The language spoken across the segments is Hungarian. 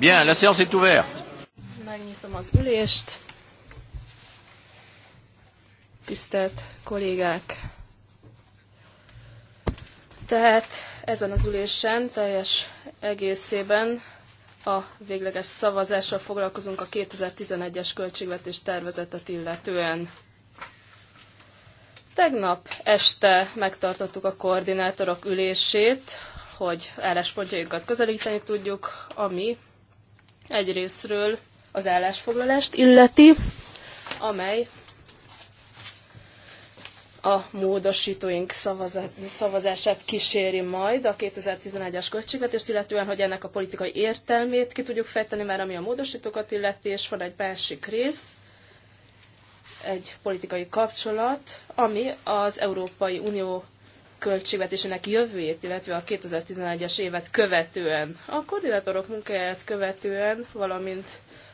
Bien, la séance est ouverte. Megnyitom az ülést. Tisztelt kollégák! Tehát ezen az ülésen teljes egészében a végleges szavazással foglalkozunk a 2011-es költségvetés tervezetet illetően. Tegnap este megtartottuk a koordinátorok ülését, hogy álláspontjainkat közelíteni tudjuk, ami Egyrésztről az állásfoglalást illeti, amely a módosítóink szavazását kíséri majd a 2011-es költségvetést, illetően, hogy ennek a politikai értelmét ki tudjuk fejteni, már ami a módosítókat illeti, és van egy másik rész, egy politikai kapcsolat, ami az Európai Unió költségvetésének jövőjét, illetve a 2011-es évet követően, a koordinátorok munkáját követően, valamint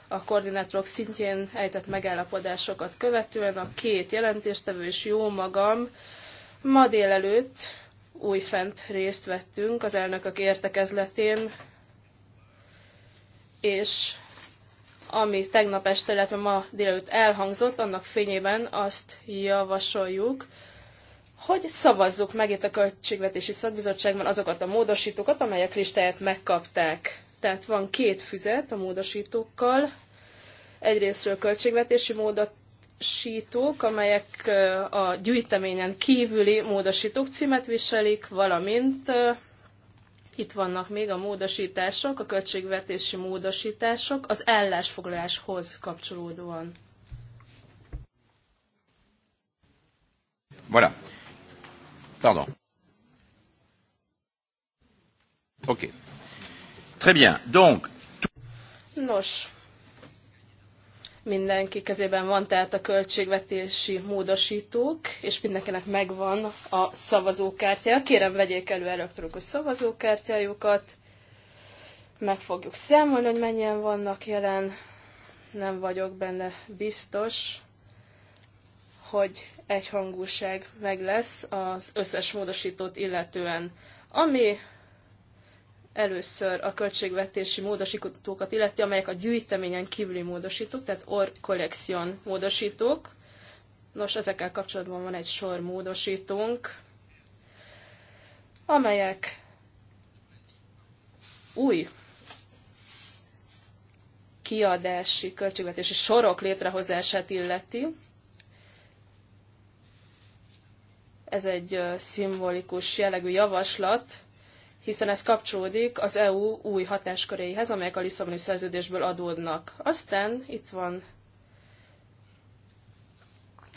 a koordinátorok szintjén ejtett megállapodásokat követően a két jelentéstevő és jó magam ma délelőtt újfent részt vettünk az elnökök értekezletén, és ami tegnap este, illetve ma délelőtt elhangzott, annak fényében azt javasoljuk, hogy szavazzuk meg itt a Költségvetési Szakbizottságban azokat a módosítókat, amelyek listáját megkapták. Tehát van két füzet a módosítókkal. Egyrésztről költségvetési módosítók, amelyek a gyűjteményen kívüli módosítók címet viselik, valamint itt vannak még a módosítások, a költségvetési módosítások az állásfoglaláshoz kapcsolódóan. Voilà. Pardon. Ok. Très bien. Donc... Nos, mindenki kezében van tehát a költségvetési módosítók, és mindenkinek megvan a szavazókártya. Kérem, vegyék elő elektronikus szavazókártyájukat. Meg fogjuk számolni, hogy mennyien vannak jelen. Nem vagyok benne biztos hogy egyhangúság meg lesz az összes módosítót illetően. Ami először a költségvetési módosítókat illeti, amelyek a gyűjteményen kívüli módosítók, tehát or collection módosítók. Nos, ezekkel kapcsolatban van egy sor módosítónk, amelyek új kiadási költségvetési sorok létrehozását illeti, Ez egy szimbolikus jellegű javaslat, hiszen ez kapcsolódik az EU új hatásköréhez, amelyek a Lisszaboni szerződésből adódnak. Aztán itt van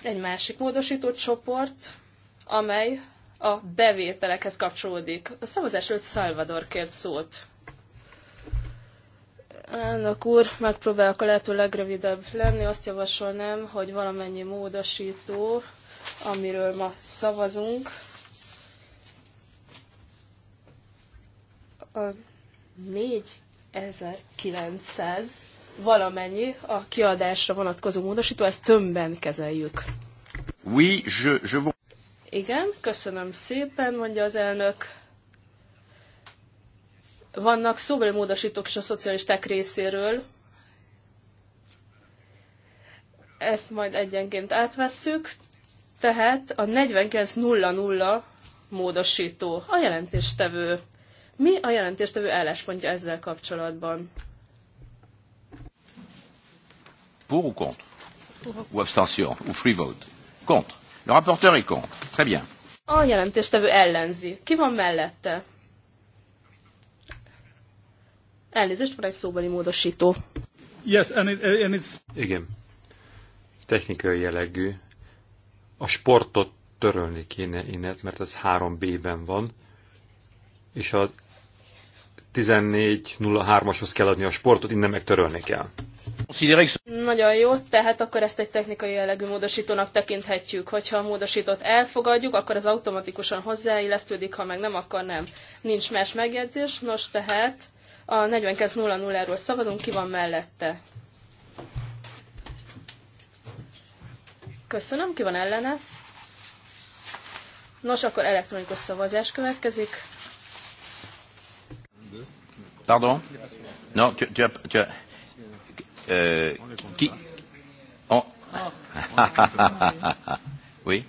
egy másik módosító csoport, amely a bevételekhez kapcsolódik. A szavazás előtt Salvador kért szót. Elnök úr, megpróbálok a lehető legrövidebb lenni. Azt javasolnám, hogy valamennyi módosító amiről ma szavazunk. A 4900 valamennyi a kiadásra vonatkozó módosító, ezt tömbben kezeljük. Oui, je, je vous... Igen, köszönöm szépen, mondja az elnök. Vannak szóbeli módosítók is a szocialisták részéről. Ezt majd egyenként átvesszük. Tehát a 49.00 módosító, a jelentéstevő. Mi a jelentéstevő álláspontja ezzel kapcsolatban? Pour ou contre Ou abstention Ou free vote Contre. Le rapporteur est contre. Très bien. A jelentéstevő ellenzi. Ki van mellette? Elnézést, van egy szóbeli módosító. Yes, and it, and it's... Igen. Technikai jellegű, a sportot törölni kéne innet, mert ez 3B-ben van, és a 14.03-ashoz kell adni a sportot, innen meg törölni kell. Nagyon jó, tehát akkor ezt egy technikai jellegű módosítónak tekinthetjük. Hogyha a módosítót elfogadjuk, akkor az automatikusan hozzáillesztődik, ha meg nem, akkor nem. Nincs más megjegyzés, nos tehát a 4200 ról szabadunk, ki van mellette? Köszönöm, ki van ellene? Nos, akkor elektronikus szavazás következik. Pardon? No, tu, tu as... Tu as euh, qui on... Oh. oui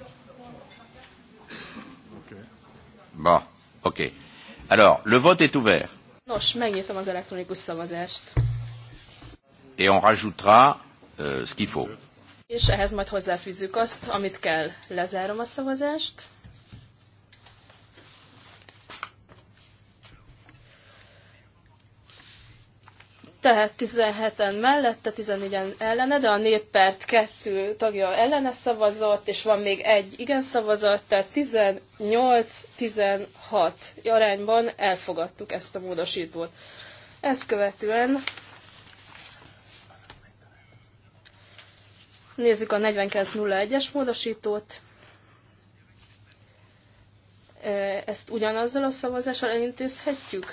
Bon, ok. Alors, le vote est ouvert. Nos, az elektronikus szavazást. Et on rajoutera euh, ce qu'il faut. És ehhez majd hozzáfűzzük azt, amit kell. Lezárom a szavazást. tehát 17-en mellette, 14-en ellene, de a néppárt kettő tagja ellene szavazott, és van még egy igen szavazat, tehát 18-16 arányban elfogadtuk ezt a módosítót. Ezt követően Nézzük a 4901-es módosítót. Ezt ugyanazzal a szavazással elintézhetjük?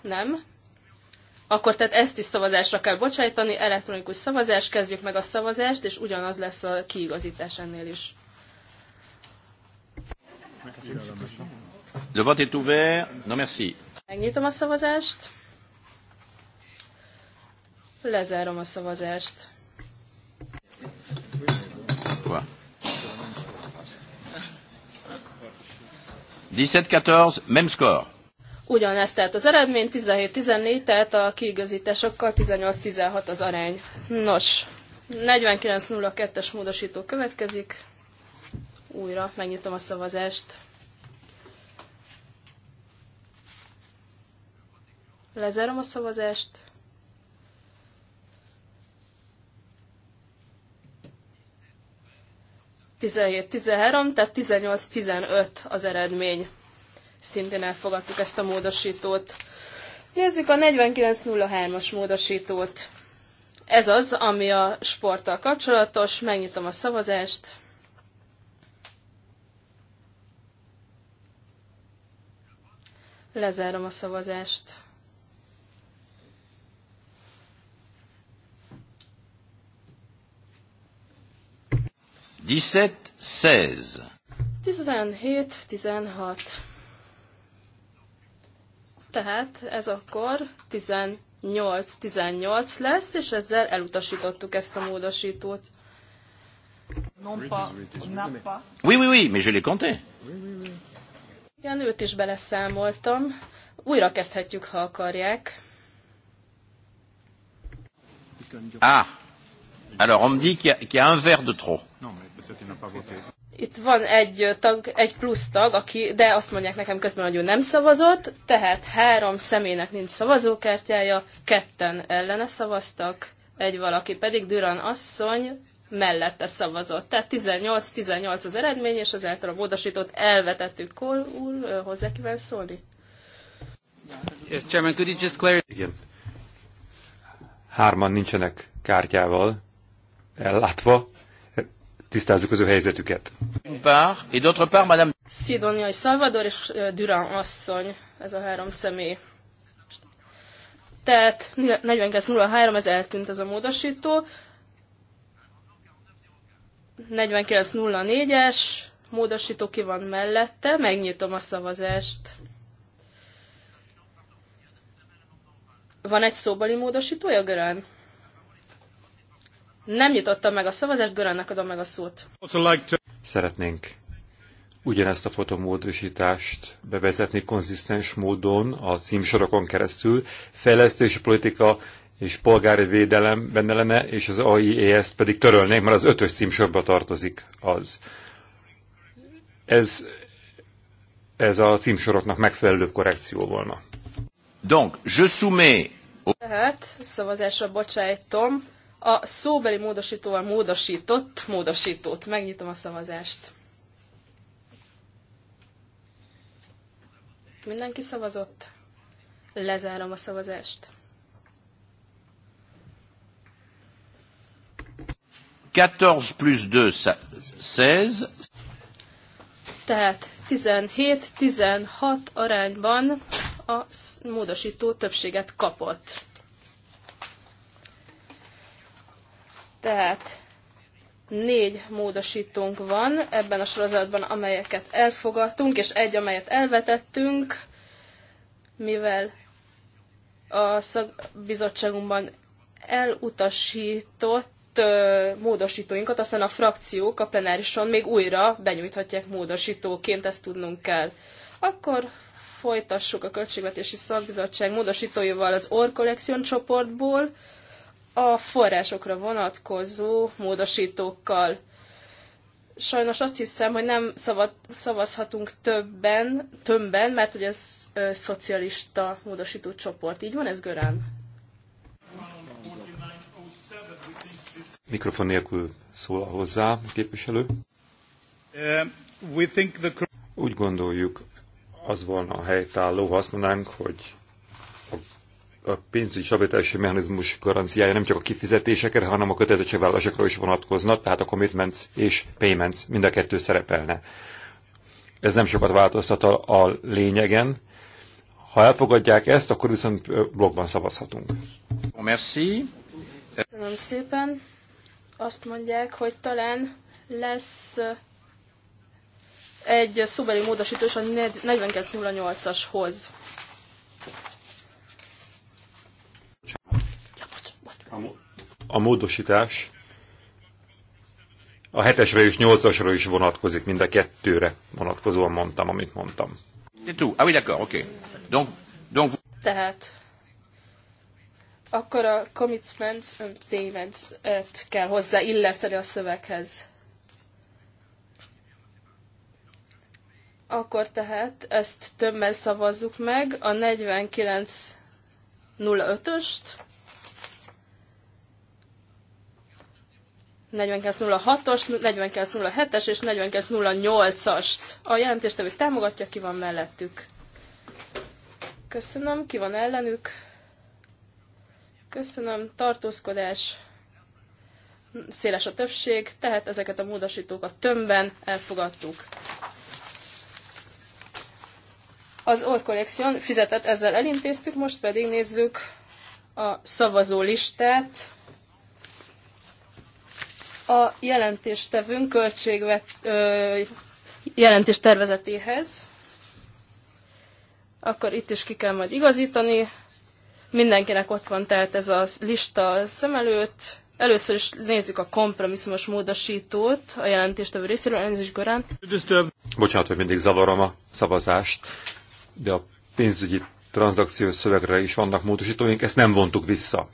Nem? Akkor tehát ezt is szavazásra kell bocsájtani, elektronikus szavazás, kezdjük meg a szavazást, és ugyanaz lesz a kiigazítás ennél is. Le vote est ouvert. Non, merci. Megnyitom a szavazást. Lezárom a szavazást. 17-14, même score. Ugyanezt tehát az eredmény, 17-14, tehát a kiigazításokkal 18-16 az arány. Nos, 02 es módosító következik. Újra megnyitom a szavazást. Lezárom a szavazást. 17-13, tehát 18-15 az eredmény. Szintén elfogadtuk ezt a módosítót. Nézzük a 4903-as módosítót. Ez az, ami a sporttal kapcsolatos. Megnyitom a szavazást. Lezárom a szavazást. 17, 16. 17, 16. Tehát ez akkor 18-18 lesz, és ezzel elutasítottuk ezt a módosítót. Non pas, pas. Oui, oui, oui, mais je l'ai compté. Igen, őt is beleszámoltam. Újra kezdhetjük, ha akarják. Ah, alors on me dit qu'il y, qu y a un verre de trop. Non, mais... Itt van egy tag, egy plusz tag, aki, de azt mondják nekem közben, hogy ő nem szavazott, tehát három személynek nincs szavazókártyája, ketten ellene szavaztak, egy valaki pedig Düran asszony mellette szavazott. Tehát 18-18 az eredmény, és ezáltal a módosítót elvetettük. Kol úr, hozzá kíván szólni? Yes, Chairman, could you just clarify? Igen. Hárman nincsenek kártyával ellátva, tisztázzuk az ő helyzetüket. Szidonia és Salvador és Durán asszony, ez a három személy. Tehát 49.03, ez eltűnt ez a módosító. 49.04-es módosító ki van mellette, megnyitom a szavazást. Van egy szóbali módosítója, Görán? Nem jutottam meg a szavazást, Görönnek adom meg a szót. Szeretnénk ugyanezt a fotomódosítást bevezetni konzisztens módon a címsorokon keresztül. Fejlesztési politika és polgári védelem benne lenne, és az AIES-t pedig törölnék, mert az ötös címsorba tartozik az. Ez, ez a címsoroknak megfelelő korrekció volna. Donc, je soumets... Tehát szavazásra bocsájtom a szóbeli módosítóval módosított módosítót. Megnyitom a szavazást. Mindenki szavazott? Lezárom a szavazást. Quatorze plusz 2, seize. Tehát 17-16 arányban a módosító többséget kapott. Tehát négy módosítónk van ebben a sorozatban, amelyeket elfogadtunk, és egy, amelyet elvetettünk, mivel a szakbizottságunkban elutasított módosítóinkat, aztán a frakciók a plenárison még újra benyújthatják módosítóként, ezt tudnunk kell. Akkor folytassuk a Költségvetési Szakbizottság módosítóival az Orcollection csoportból, a forrásokra vonatkozó módosítókkal. Sajnos azt hiszem, hogy nem szavad, szavazhatunk többen, többen, mert hogy ez ö, szocialista módosító csoport. Így van ez, Görán? Mikrofon nélkül szól hozzá a képviselő. Uh, Úgy gondoljuk, az volna a helytálló, ha azt mondanánk, hogy a pénzügyi stabilitási mechanizmus garanciája nem csak a kifizetésekre, hanem a kötelezettségvállalásokra is vonatkozna, tehát a commitments és payments mind a kettő szerepelne. Ez nem sokat változtat a, a lényegen. Ha elfogadják ezt, akkor viszont blogban szavazhatunk. Merci. Köszönöm szépen. Azt mondják, hogy talán lesz egy szóbeli módosítós a 4208-ashoz. a módosítás a 7-esre és 8-asra is vonatkozik, mind a kettőre vonatkozóan mondtam, amit mondtam. Ah, tehát akkor a commitments and payments kell hozzá illeszteni a szöveghez. Akkor tehát ezt többen szavazzuk meg, a 49.05-öst, 4906-os, 4907-es és 4908-ast. A jelentéstevő támogatja, ki van mellettük. Köszönöm, ki van ellenük. Köszönöm, tartózkodás. Széles a többség, tehát ezeket a módosítókat tömbben elfogadtuk. Az Orcollection fizetett ezzel elintéztük, most pedig nézzük a szavazólistát a jelentéstevőnk költségvet, ö, jelentés tervezetéhez, akkor itt is ki kell majd igazítani. Mindenkinek ott van tehát ez a lista szem előtt. Először is nézzük a kompromisszumos módosítót a jelentéstevő részéről, elnézést Gorán. Bocsánat, hogy mindig zavarom a szavazást, de a pénzügyi tranzakciós szövegre is vannak módosítóink, ezt nem vontuk vissza.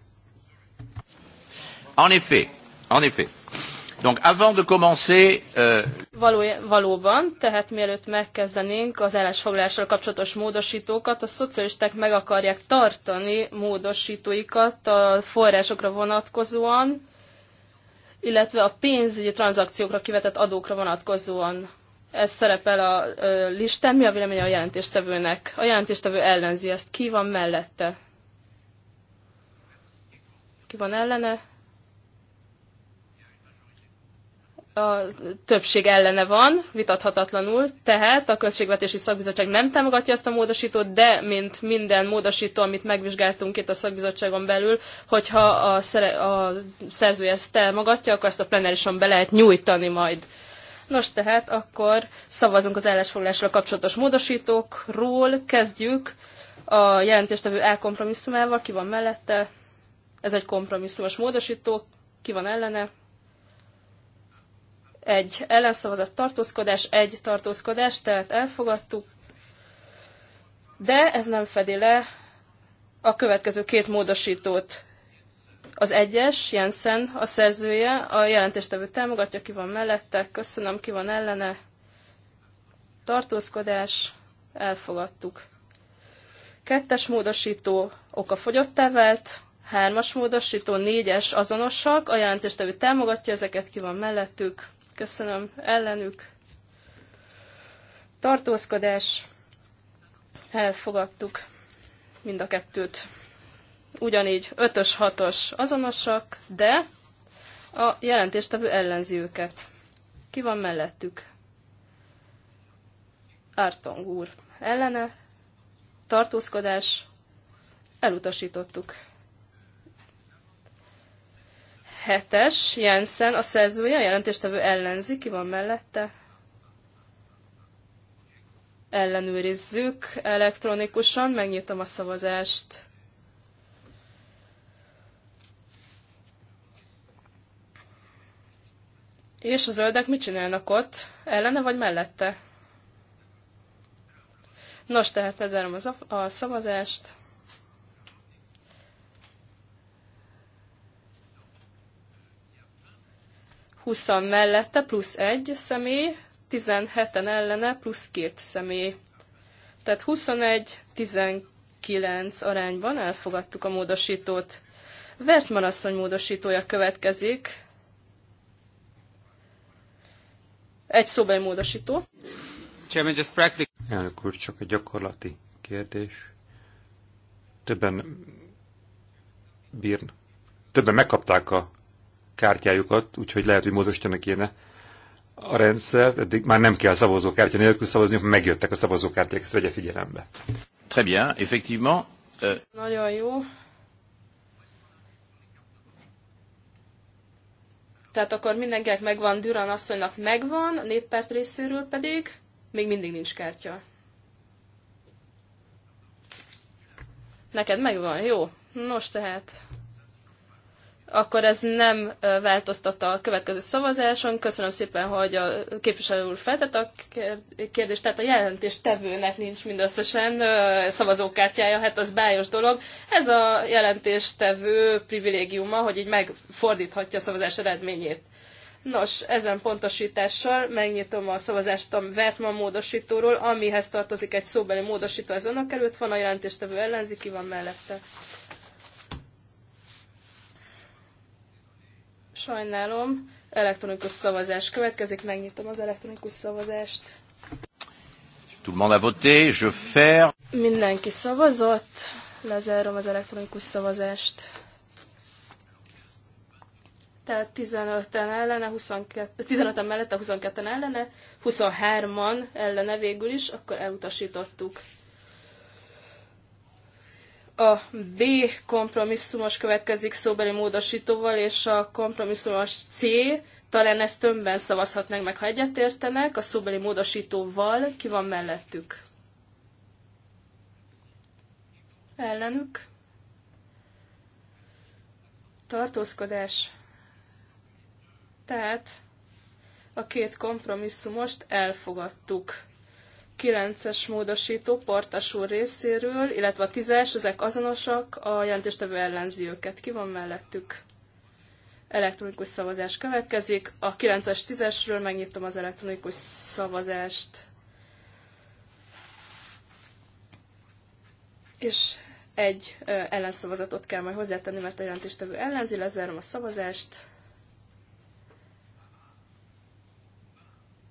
En effet, en effet. Donc avant de commencer, euh... Való, valóban, tehát mielőtt megkezdenénk az állásfoglalással kapcsolatos módosítókat, a szocialisták meg akarják tartani módosítóikat a forrásokra vonatkozóan, illetve a pénzügyi tranzakciókra kivetett adókra vonatkozóan. Ez szerepel a listán. Mi a véleménye a jelentéstevőnek? A jelentéstevő ellenzi ezt. Ki van mellette? Ki van ellene? a többség ellene van, vitathatatlanul, tehát a Költségvetési Szakbizottság nem támogatja ezt a módosítót, de mint minden módosító, amit megvizsgáltunk itt a szakbizottságon belül, hogyha a, szere- a szerzője ezt támogatja, akkor ezt a plenárison be lehet nyújtani majd. Nos tehát akkor szavazunk az állásfoglásra kapcsolatos módosítókról, kezdjük a jelentéstevő elkompromisszumával, ki van mellette, ez egy kompromisszumos módosító, ki van ellene, egy ellenszavazat tartózkodás, egy tartózkodás, tehát elfogadtuk, de ez nem fedi le a következő két módosítót. Az egyes, Jensen, a szerzője, a jelentéstevő támogatja, ki van mellette, köszönöm, ki van ellene, tartózkodás, elfogadtuk. Kettes módosító oka fogyottá vált, hármas módosító, négyes azonosak, a jelentéstevő támogatja ezeket, ki van mellettük, köszönöm, ellenük tartózkodás, elfogadtuk mind a kettőt. Ugyanígy ötös hatos azonosak, de a jelentéstevő ellenzi őket. Ki van mellettük? Ártong úr. Ellene, tartózkodás, elutasítottuk hetes, Jensen, a szerzője, a jelentéstevő ellenzi, ki van mellette? Ellenőrizzük elektronikusan, megnyitom a szavazást. És a zöldek mit csinálnak ott? Ellene vagy mellette? Nos, tehát lezárom az a szavazást. 20 mellette plusz 1 személy, 17-en ellene plusz 2 személy. Tehát 21-19 arányban elfogadtuk a módosítót. Vertman asszony módosítója következik. Egy szóbeli módosító. Chairman, just practical. Elnök úr, csak egy gyakorlati kérdés. Többen bírn. Többen megkapták a kártyájukat, úgyhogy lehet, hogy módosítani kéne a rendszer, eddig már nem kell szavazókártya nélkül szavazniuk, megjöttek a szavazókártyák, ezt vegye figyelembe. Très bien, effectivement. Euh... Nagyon jó. Tehát akkor mindenkinek megvan, Düran asszonynak megvan, a néppárt részéről pedig még mindig nincs kártya. Neked megvan, jó? Nos tehát akkor ez nem változtatta a következő szavazáson. Köszönöm szépen, hogy a képviselő úr feltett a kérdést. Tehát a jelentés tevőnek nincs mindösszesen szavazókártyája, hát az bájos dolog. Ez a jelentés tevő privilégiuma, hogy így megfordíthatja a szavazás eredményét. Nos, ezen pontosítással megnyitom a szavazást a Vertma módosítóról, amihez tartozik egy szóbeli módosító, ez önök előtt van, a jelentéstevő ellenzi, ki van mellette. Sajnálom, elektronikus szavazás következik, megnyitom az elektronikus szavazást. Tout le monde a voté, je fer. Mindenki szavazott, lezárom az elektronikus szavazást. Tehát 15-en ellene, 22, 15-en mellette, 22-en ellene, 23-an ellene végül is, akkor elutasítottuk a B kompromisszumos következik szóbeli módosítóval, és a kompromisszumos C, talán ezt tömbben szavazhatnánk meg, ha egyetértenek, a szóbeli módosítóval ki van mellettük. Ellenük. Tartózkodás. Tehát a két kompromisszumost elfogadtuk. 9-es módosító Portas úr részéről, illetve a 10-es, ezek azonosak, a jelentéstevő ellenzi őket. Ki van mellettük? Elektronikus szavazás következik. A 9-es, 10-esről megnyitom az elektronikus szavazást. És egy ellenszavazatot kell majd hozzátenni, mert a jelentéstevő ellenzi, lezárom a szavazást.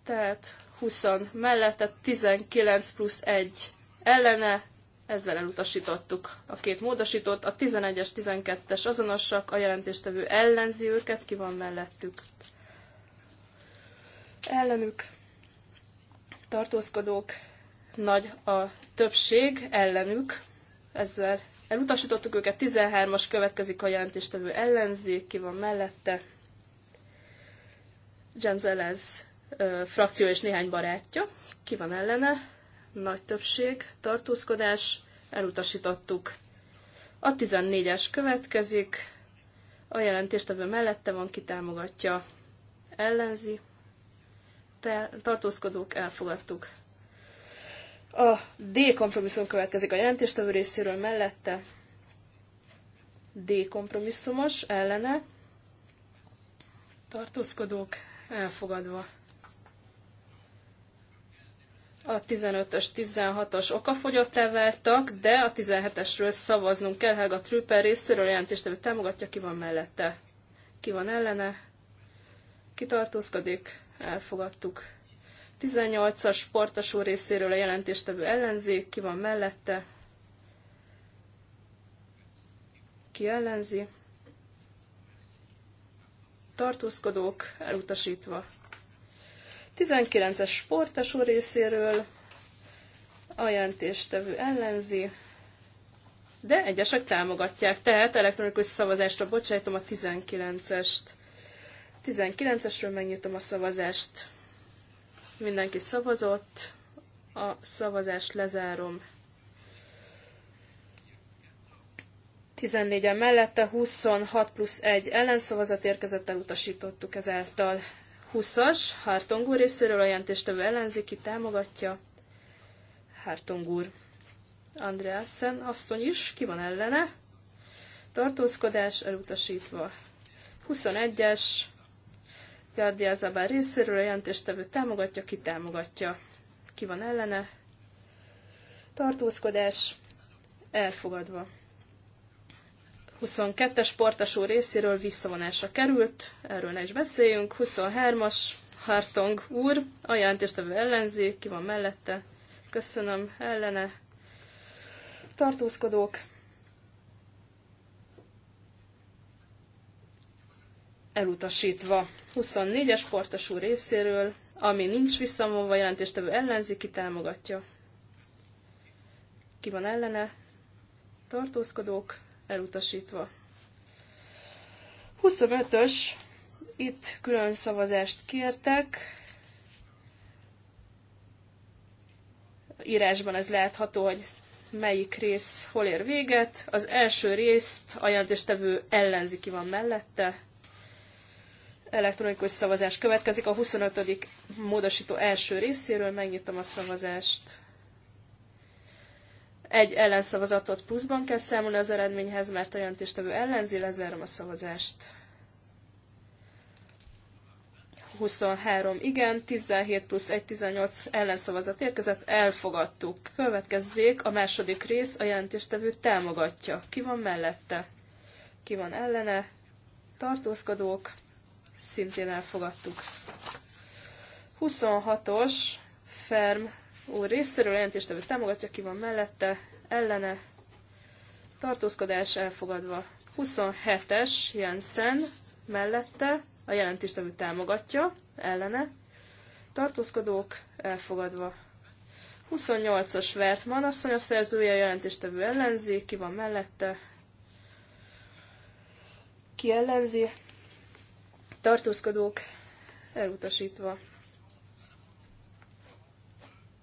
Tehát 20 mellette, 19 plusz 1 ellene, ezzel elutasítottuk a két módosítót, a 11-es, 12-es azonosak, a jelentéstevő ellenzi őket, ki van mellettük. Ellenük tartózkodók, nagy a többség ellenük, ezzel elutasítottuk őket, 13-as következik a jelentéstevő ellenzi, ki van mellette. James Elez frakció és néhány barátja. Ki van ellene? Nagy többség, tartózkodás, elutasítottuk. A 14-es következik, a jelentéstevő mellette van, ki támogatja, ellenzi, Te, tartózkodók, elfogadtuk. A D kompromisszum következik a jelentéstevő részéről mellette, D kompromisszumos, ellene, tartózkodók, elfogadva a 15-ös, 16-os okafogyott váltak, de a 17-esről szavaznunk kell. Helga Trüper részéről hogy támogatja, ki van mellette, ki van ellene, Kitartózkodik, elfogadtuk. 18-as sportasú részéről a jelentéstevő ellenzi, ki van mellette, ki ellenzi, tartózkodók elutasítva. 19-es sportesú részéről a jelentéstevő ellenzi, de egyesek támogatják, tehát elektronikus szavazásra bocsájtom a 19-est. 19-esről megnyitom a szavazást. Mindenki szavazott, a szavazást lezárom. 14-en mellette 26 plusz 1 ellenszavazat érkezett, elutasítottuk ezáltal. 20-as, Hartong úr részéről a jelentéstevő ellenzéki támogatja. Hartong úr. Andreasen asszony is, ki van ellene? Tartózkodás elutasítva. 21-es, Gárdia Zabár részéről a jelentéstevő támogatja, ki támogatja. Ki van ellene? Tartózkodás elfogadva. 22-es Portas részéről visszavonásra került, erről ne is beszéljünk. 23-as Hartong úr, a jelentéstevő ellenzi, ki van mellette. Köszönöm, ellene. Tartózkodók. Elutasítva. 24-es Portas részéről, ami nincs visszavonva, jelentéstevő ellenzi, ki támogatja. Ki van ellene? Tartózkodók elutasítva. 25-ös, itt külön szavazást kértek. Írásban ez látható, hogy melyik rész hol ér véget. Az első részt a jelentéstevő ellenzi ki van mellette. Elektronikus szavazás következik a 25. módosító első részéről. Megnyitom a szavazást. Egy ellenszavazatot pluszban kell számolni az eredményhez, mert a jelentéstevő ellenzi, lezárom a szavazást. 23 igen, 17 plusz 1, 18 ellenszavazat érkezett, elfogadtuk. Következzék a második rész, a jelentéstevő támogatja. Ki van mellette? Ki van ellene? Tartózkodók, szintén elfogadtuk. 26-os, Ferm úr részéről, jelentéstevő támogatja, ki van mellette, ellene, tartózkodás elfogadva. 27-es Jensen mellette, a jelentéstevő támogatja, ellene, tartózkodók elfogadva. 28-as Vertman asszony a szerzője, a jelentéstevő ellenzi, ki van mellette, ki ellenzi, tartózkodók elutasítva.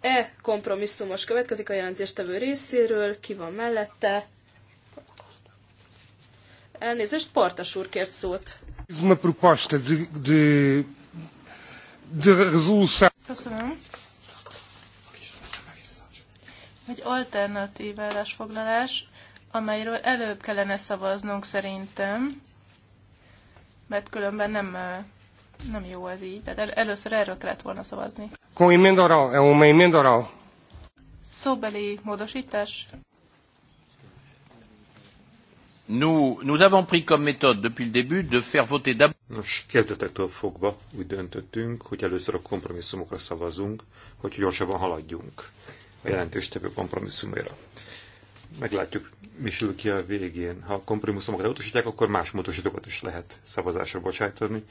E kompromisszumos következik a jelentéstevő részéről, ki van mellette. Elnézést, Partas úr kért szót. Ez proposta de, de, de resolução. Köszönöm. Egy alternatív állásfoglalás, amelyről előbb kellene szavaznunk szerintem, mert különben nem nem jó ez így, tehát el, először erről kellett volna szavazni. Kói emenda eu mei uma Szóbeli módosítás. Nous, nous avons pris comme méthode depuis le début de faire voter d'abord. Nos, kezdetektől fogva úgy döntöttünk, hogy először a kompromisszumokra szavazunk, hogy gyorsabban haladjunk a jelentéstevő kompromisszuméra. Meglátjuk, mi sül ki a végén. Ha a kompromisszumokat elutasítják, akkor más módosítókat is lehet szavazásra bocsájtani,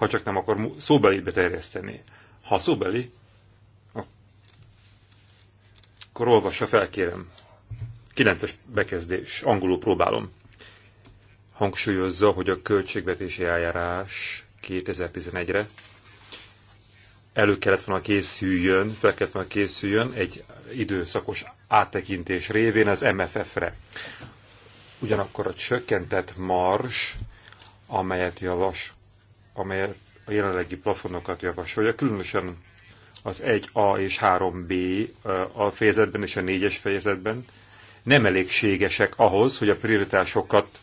ha csak nem akar szóbeli beterjeszteni. Ha szóbeli, akkor olvassa fel, kérem. 9-es bekezdés, angolul próbálom. Hangsúlyozza, hogy a költségvetési eljárás 2011-re elő kellett volna készüljön, fel kellett volna készüljön egy időszakos áttekintés révén az MFF-re. Ugyanakkor a csökkentett mars, amelyet javas amely a jelenlegi plafonokat javasolja, különösen az 1A és 3B a fejezetben és a 4-es fejezetben nem elégségesek ahhoz, hogy a prioritásokat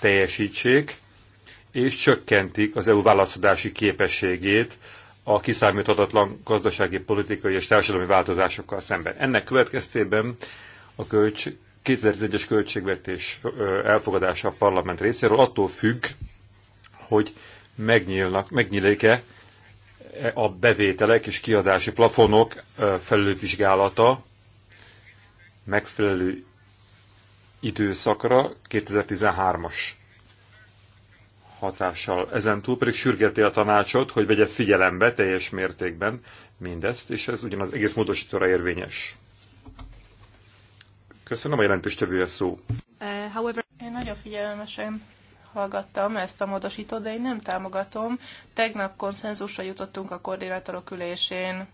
teljesítsék, és csökkentik az EU válaszadási képességét a kiszámíthatatlan gazdasági, politikai és társadalmi változásokkal szemben. Ennek következtében a költs 2001 es költségvetés elfogadása a parlament részéről attól függ, hogy megnyílnak, megnyílik-e a bevételek és kiadási plafonok felülvizsgálata megfelelő időszakra 2013-as hatással. Ezen túl pedig sürgeti a tanácsot, hogy vegye figyelembe teljes mértékben mindezt, és ez ugyanaz egész módosítóra érvényes. Köszönöm a jelentéstevője szó. Uh, however... Én nagyon figyelmesen meghallgattam ezt a módosítót, de én nem támogatom. Tegnap konszenzusra jutottunk a koordinátorok ülésén,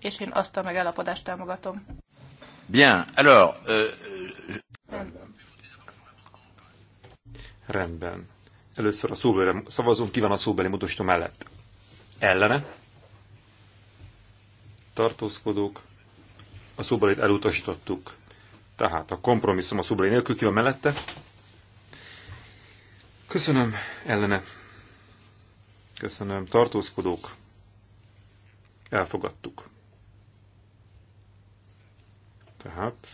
és én azt a megállapodást támogatom. Bien, alors... Euh... Rendben. Rendben. Először a szóbeli szavazunk, ki van a szóbeli módosító mellett? Ellene? Tartózkodók? A szóbelit elutasítottuk. Tehát a kompromisszum a szóbeli nélkül ki van mellette? Köszönöm, ellene. Köszönöm, tartózkodók. Elfogadtuk. Tehát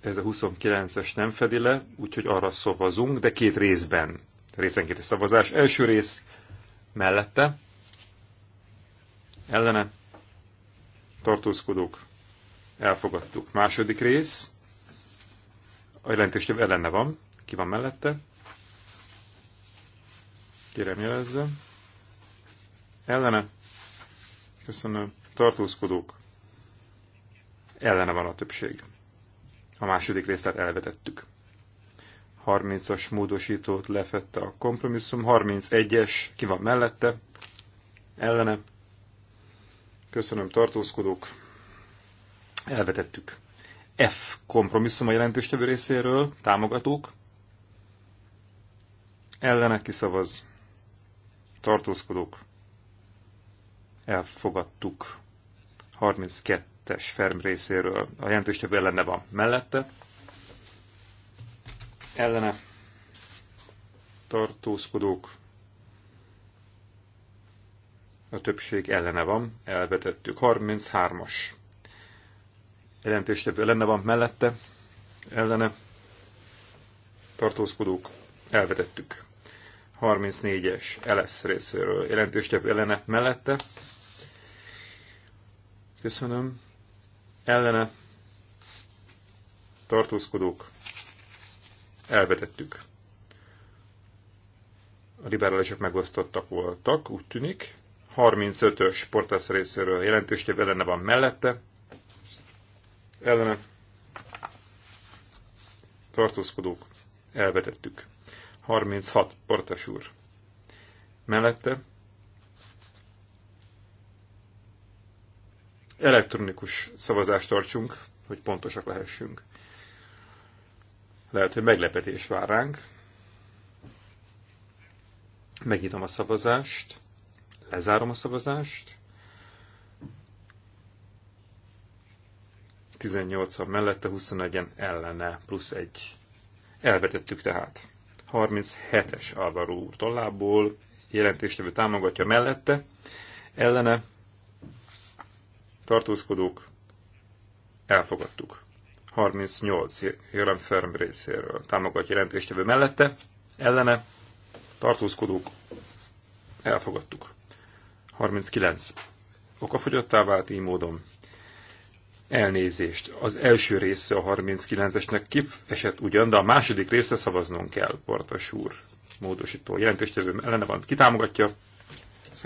ez a 29-es nem fedi le, úgyhogy arra szavazunk, de két részben. egy szavazás. Első rész mellette. Ellene. Tartózkodók. Elfogadtuk. Második rész. A jelentéstől ellene van. Ki van mellette? Kérem jelezze. Ellene. Köszönöm. Tartózkodók. Ellene van a többség. A második részlet elvetettük. 30-as módosítót lefette a kompromisszum, 31-es ki van mellette, ellene. Köszönöm, tartózkodók. Elvetettük. F kompromisszum a jelentőstevő részéről, támogatók. Ellene kiszavaz tartózkodók, elfogadtuk 32-es ferm részéről. A jelentőstevő ellene van mellette. Ellene tartózkodók, a többség ellene van, elvetettük. 33-as jelentőstevő ellene van mellette, ellene tartózkodók, elvetettük. 34-es LS részéről. Jelentős ellene mellette. Köszönöm. Ellene tartózkodók elvetettük. A liberálisok megosztottak voltak, úgy tűnik. 35-ös Portász részéről jelentős ellene van mellette. Ellene tartózkodók elvetettük. 36. Portas úr. Mellette elektronikus szavazást tartsunk, hogy pontosak lehessünk. Lehet, hogy meglepetés vár ránk. Megnyitom a szavazást, lezárom a szavazást. 18-an mellette, 21-en ellene, plusz 1. Elvetettük tehát. 37-es Álvaro úr tollából jelentéstevő támogatja mellette, ellene tartózkodók elfogadtuk. 38 Jelen Ferm részéről támogatja jelentéstevő mellette, ellene tartózkodók elfogadtuk. 39. Okafogyottá vált így módon Elnézést, az első része a 39-esnek kif esett ugyan, de a második része szavaznunk kell, Portas úr módosító jelentőstevő ellene van, kitámogatja,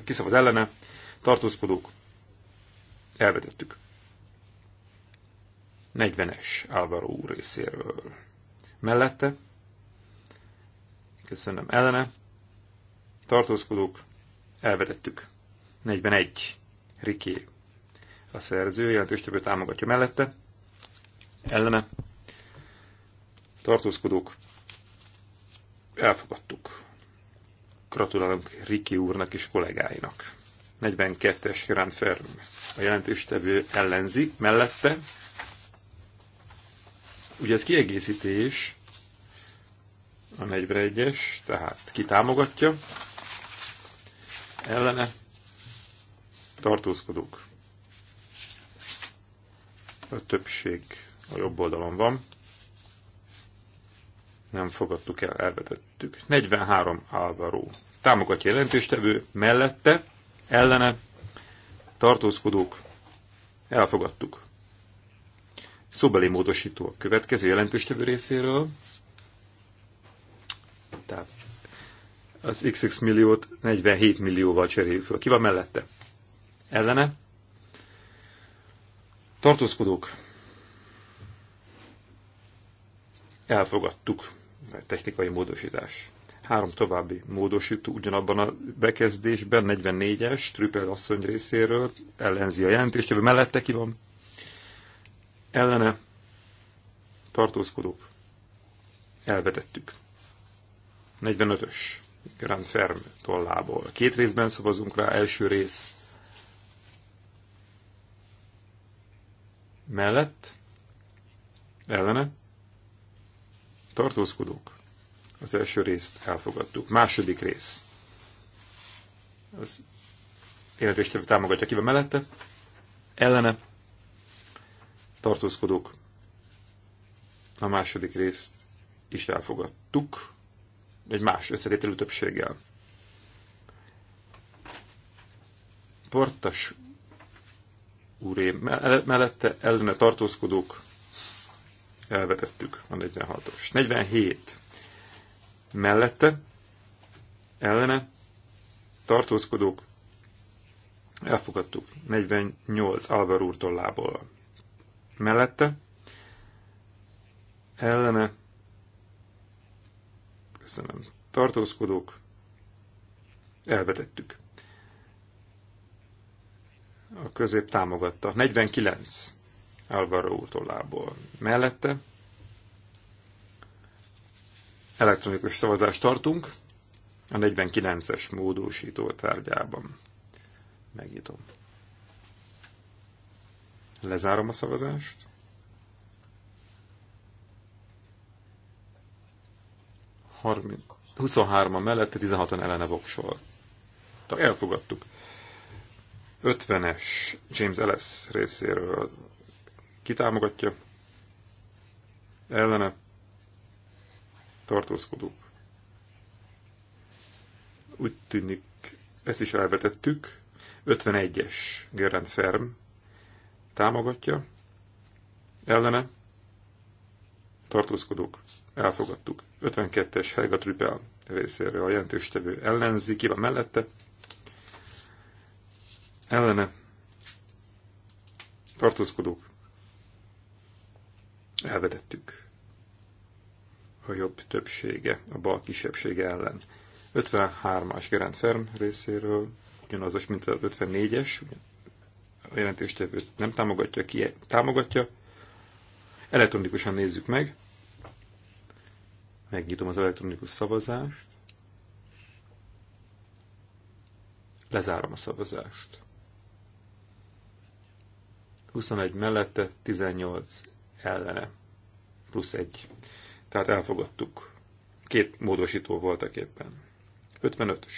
kiszavaz ellene, tartózkodók, elvetettük. 40-es Álvaro úr részéről. Mellette, köszönöm, ellene, tartózkodók, elvetettük. 41. Riké a szerző, jelentős többet támogatja mellette, ellene, tartózkodók, elfogadtuk. Gratulálunk Riki úrnak és kollégáinak. 42-es Grand Ferm. A jelentéstevő ellenzi mellette. Ugye ez kiegészítés, a 41-es, tehát ki támogatja, ellene tartózkodók. A többség a jobb oldalon van. Nem fogadtuk el, elvetettük. 43 Álvaró Támogatja jelentéstevő, mellette, ellene, tartózkodók, elfogadtuk. Szóbeli módosító a következő jelentéstevő részéről. Tehát az XX milliót 47 millióval cseréljük fel. Ki van mellette? Ellene? Tartózkodók. Elfogadtuk. Technikai módosítás. Három további módosító ugyanabban a bekezdésben, 44-es, Trüppel asszony részéről, ellenzi a jelentést, jövő mellette ki van. Ellene tartózkodók. Elvetettük. 45-ös. Grand Ferm tollából. Két részben szavazunk rá, első rész mellett, ellene, tartózkodók. Az első részt elfogadtuk. Második rész. Az életéstevő támogatja kivel mellette, ellene, tartózkodók. A második részt is elfogadtuk, egy más összetételű többséggel. Portas úré mellette ellene tartózkodók elvetettük a 46-os. 47 mellette ellene tartózkodók elfogadtuk 48 Alvar úr tollából. Mellette ellene köszönöm, tartózkodók elvetettük a közép támogatta. 49 Alvaro útollából. Mellette elektronikus szavazást tartunk a 49-es módosító tárgyában. Megnyitom. Lezárom a szavazást. Harmin... 23-a mellette, 16-an ellene voksol. Elfogadtuk. 50-es James Ellis részéről kitámogatja, ellene tartózkodók. Úgy tűnik, ezt is elvetettük. 51-es Gerrand Ferm támogatja, ellene tartózkodók. Elfogadtuk. 52-es Helga Trüppel részéről a jelentőstevő ellenzi, ki van mellette, ellene tartózkodók elvedettük a jobb többsége, a bal kisebbsége ellen. 53-as Gerend Ferm részéről, ugyanazos, mint a 54-es, a jelentéstevőt nem támogatja, ki támogatja. Elektronikusan nézzük meg. Megnyitom az elektronikus szavazást. Lezárom a szavazást. 21 mellette, 18 ellene, plusz 1. Tehát elfogadtuk. Két módosító voltak éppen. 55-ös.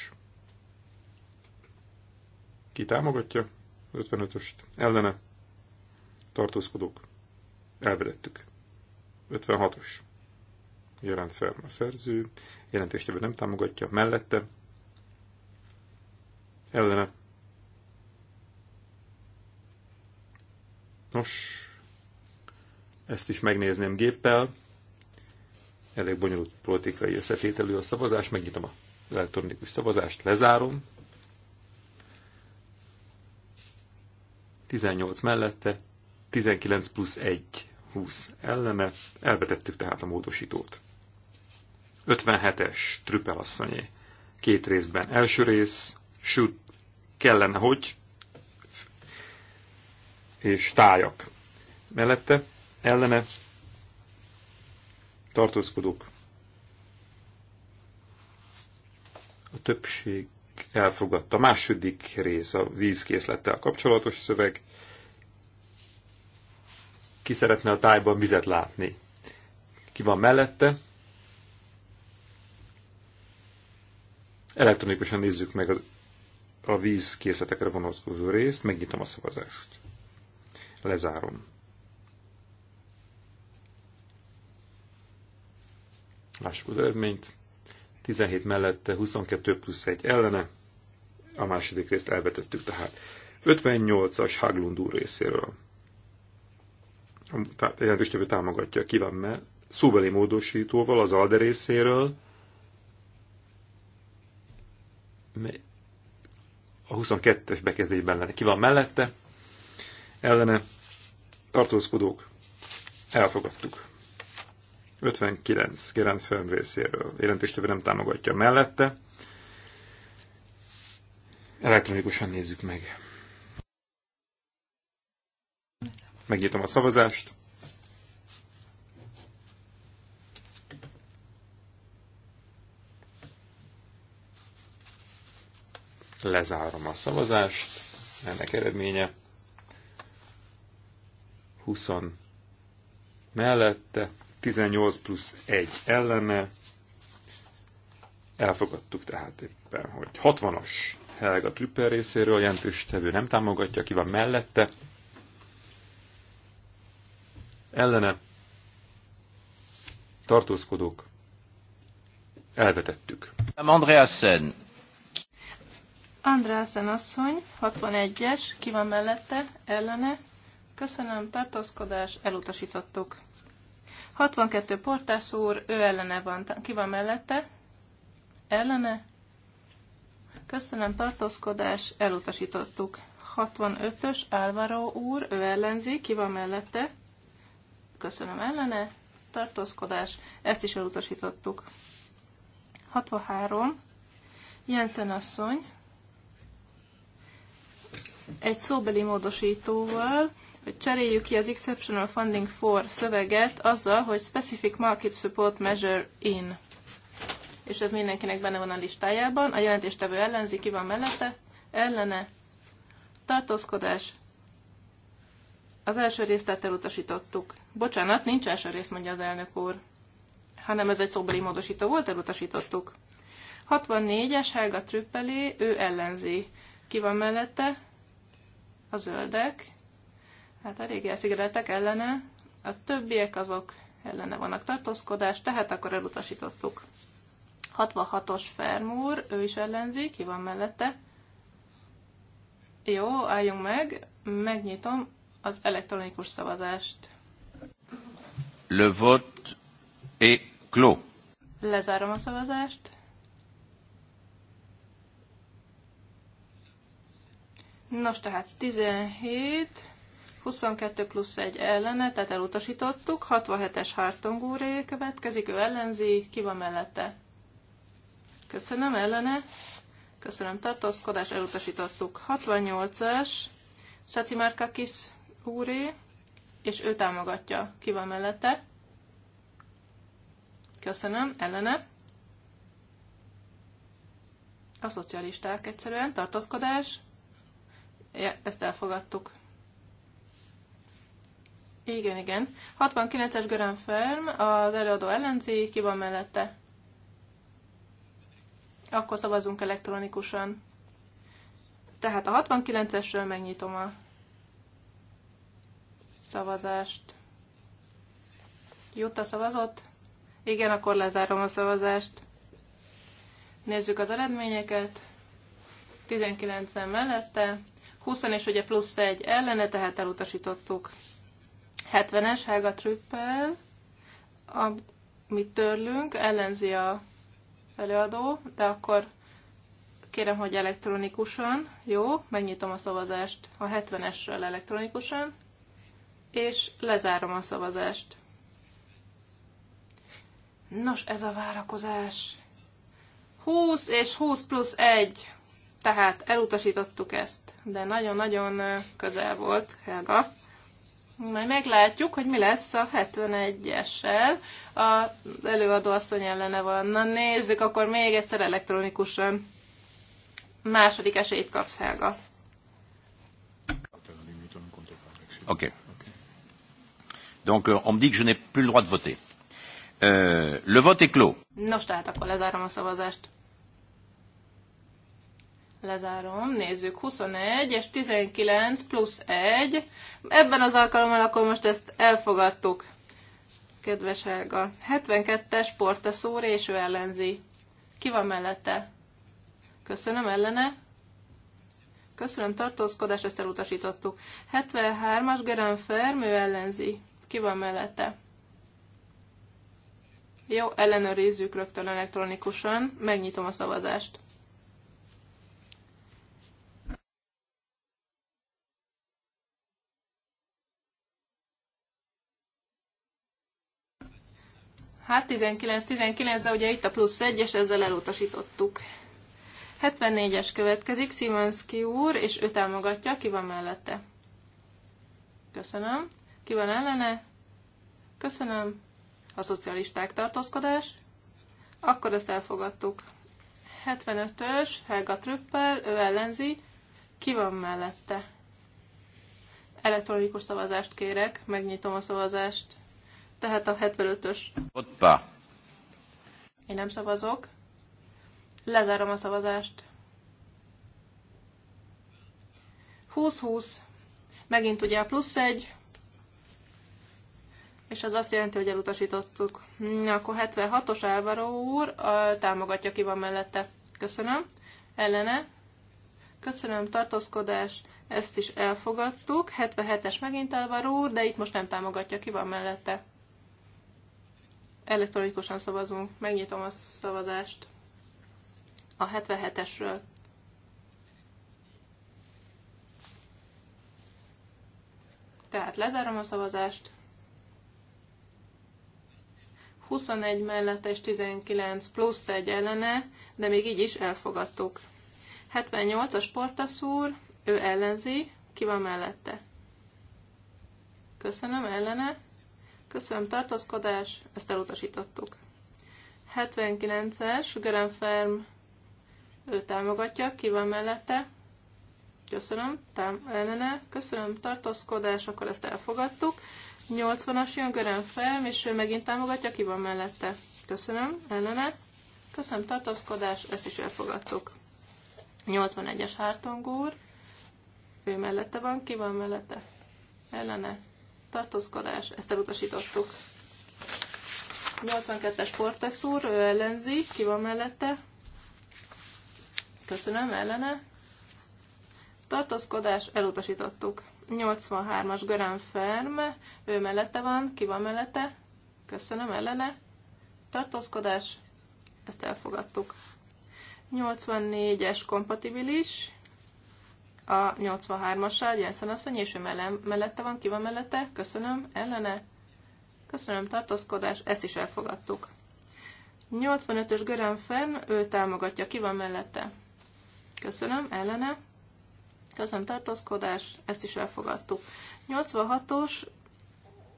Ki támogatja 55-öst? Ellene. Tartózkodók. Elvedettük. 56-os. Jelent fel a szerző. Jelentéstevő nem támogatja. Mellette. Ellene Nos, ezt is megnézném géppel. Elég bonyolult politikai összetételű a szavazás. Megnyitom a elektronikus szavazást, lezárom. 18 mellette, 19 plusz 1, 20 ellene. Elvetettük tehát a módosítót. 57-es Trüppel asszonyé. Két részben. Első rész, shoot, kellene hogy, és tájak. Mellette ellene tartózkodók. A többség elfogadta. A második rész a vízkészlettel kapcsolatos szöveg. Ki szeretne a tájban vizet látni? Ki van mellette? Elektronikusan nézzük meg a vízkészletekre vonatkozó részt, megnyitom a szavazást. Lezárom. Lássuk az eredményt. 17 mellette, 22 plusz 1 ellene. A második részt elvetettük tehát. 58-as Haglund úr részéről. A jelentéstevő támogatja, ki van mert szóbeli módosítóval az ALDE részéről, a 22-es bekezdésben lenne. Ki van mellette? ellene tartózkodók elfogadtuk. 59 Gerend Fern részéről. Jelentéstevő nem támogatja mellette. Elektronikusan nézzük meg. Megnyitom a szavazást. Lezárom a szavazást. Ennek eredménye 20 mellette, 18 plusz 1 ellene. Elfogadtuk tehát éppen, hogy 60-as Helga Trüpper részéről jelentéstevő nem támogatja, ki van mellette. Ellene tartózkodók elvetettük. Andrea Sen asszony, 61-es, ki van mellette, ellene, Köszönöm, tartózkodás, elutasítottuk. 62 portás úr, ő ellene van. Ki van mellette? Ellene? Köszönöm, tartózkodás, elutasítottuk. 65-ös Álvaro úr, ő ellenzi, ki van mellette? Köszönöm, ellene, tartózkodás, ezt is elutasítottuk. 63. Jensen asszony, egy szóbeli módosítóval hogy cseréljük ki az Exceptional Funding for szöveget azzal, hogy Specific Market Support Measure in. És ez mindenkinek benne van a listájában. A jelentéstevő ellenzi, ki van mellette? Ellene. Tartózkodás. Az első részt elutasítottuk. Bocsánat, nincs első rész, mondja az elnök úr. Hanem ez egy szobeli módosító volt, elutasítottuk. 64-es Helga Trüppelé, ő ellenzi. Ki van mellette? A zöldek Hát a régi elszigetek ellene, a többiek azok ellene vannak tartózkodás, tehát akkor elutasítottuk. 66-os Fermúr, ő is ellenzi, ki van mellette? Jó, álljunk meg, megnyitom az elektronikus szavazást. Le vote est clos. Lezárom a szavazást. Nos, tehát 17 22 plusz 1 ellene, tehát elutasítottuk. 67-es Hartongúré következik, ő ellenzi, ki van mellette? Köszönöm, ellene. Köszönöm, tartózkodás, elutasítottuk. 68-as Saci Márkakis úré, és ő támogatja. Ki van mellette? Köszönöm, ellene. A szocialisták egyszerűen, tartózkodás. Ja, ezt elfogadtuk. Igen, igen. 69-es Görön Ferm, az előadó ellenzi, ki van mellette? Akkor szavazunk elektronikusan. Tehát a 69-esről megnyitom a szavazást. Jutta szavazott? Igen, akkor lezárom a szavazást. Nézzük az eredményeket. 19-en mellette, 20 és ugye plusz 1 ellene, tehát elutasítottuk. 70-es Helga Trüppel, amit törlünk, ellenzi a előadó, de akkor kérem, hogy elektronikusan, jó, megnyitom a szavazást a 70-esről elektronikusan, és lezárom a szavazást. Nos, ez a várakozás. 20 és 20 plusz 1. Tehát elutasítottuk ezt, de nagyon-nagyon közel volt, Helga. Majd meglátjuk, hogy mi lesz a 71-essel. A előadó asszony ellene van. Na nézzük, akkor még egyszer elektronikusan. Második esélyt kapsz, Helga. Oké. Okay. Donc euh, on me dit que je n'ai plus le droit de voter. Euh, le vote est clos. Nos, tehát akkor lezárom a szavazást lezárom, nézzük, 21 és 19 plusz 1. Ebben az alkalommal akkor most ezt elfogadtuk. Kedves Helga. 72-es portaszúr, és ő ellenzi. Ki van mellette? Köszönöm, ellene? Köszönöm, tartózkodás, ezt elutasítottuk. 73-as Gerán Ferm, ő ellenzi. Ki van mellette? Jó, ellenőrizzük rögtön elektronikusan. Megnyitom a szavazást. Hát 19-19, de ugye itt a plusz 1, és ezzel elutasítottuk. 74-es következik, Szimanszki úr, és ő támogatja, ki van mellette? Köszönöm. Ki van ellene? Köszönöm. A szocialisták tartózkodás? Akkor ezt elfogadtuk. 75-ös, Helga Trüppel, ő ellenzi. Ki van mellette? Elektronikus szavazást kérek, megnyitom a szavazást. Tehát a 75-ös. Hoppá. Én nem szavazok. Lezárom a szavazást. 20-20. Megint ugye a plusz egy. És az azt jelenti, hogy elutasítottuk. Na, akkor 76-os Álvaro úr a, támogatja, ki van mellette. Köszönöm. Ellene. Köszönöm, tartózkodás. Ezt is elfogadtuk. 77-es megint Álvaro úr, de itt most nem támogatja, ki van mellette elektronikusan szavazunk, megnyitom a szavazást a 77-esről. Tehát lezárom a szavazást. 21 mellett és 19 plusz egy ellene, de még így is elfogadtuk. 78 a sportaszúr, ő ellenzi, ki van mellette? Köszönöm, ellene. Köszönöm, tartózkodás, ezt elutasítottuk. 79-es, Gerem Ferm, ő támogatja, ki van mellette? Köszönöm, tám ellene, köszönöm, tartózkodás, akkor ezt elfogadtuk. 80-as jön Gerem Ferm, és ő megint támogatja, ki van mellette? Köszönöm, ellene, köszönöm, tartózkodás, ezt is elfogadtuk. 81-es hártongúr ő mellette van, ki van mellette? Ellene, tartózkodás, ezt elutasítottuk. 82-es Portes úr, ő ellenzi, ki van mellette? Köszönöm, ellene. Tartózkodás, elutasítottuk. 83-as Görán Ferm, ő mellette van, ki van mellette? Köszönöm, ellene. Tartózkodás, ezt elfogadtuk. 84-es kompatibilis, a 83-assal, Jensen asszony, és ő mellem, mellette van, ki van mellette? Köszönöm, ellene? Köszönöm, tartózkodás, ezt is elfogadtuk. 85-ös Görán Fenn, ő támogatja, ki van mellette? Köszönöm, ellene? Köszönöm, tartózkodás, ezt is elfogadtuk. 86-os,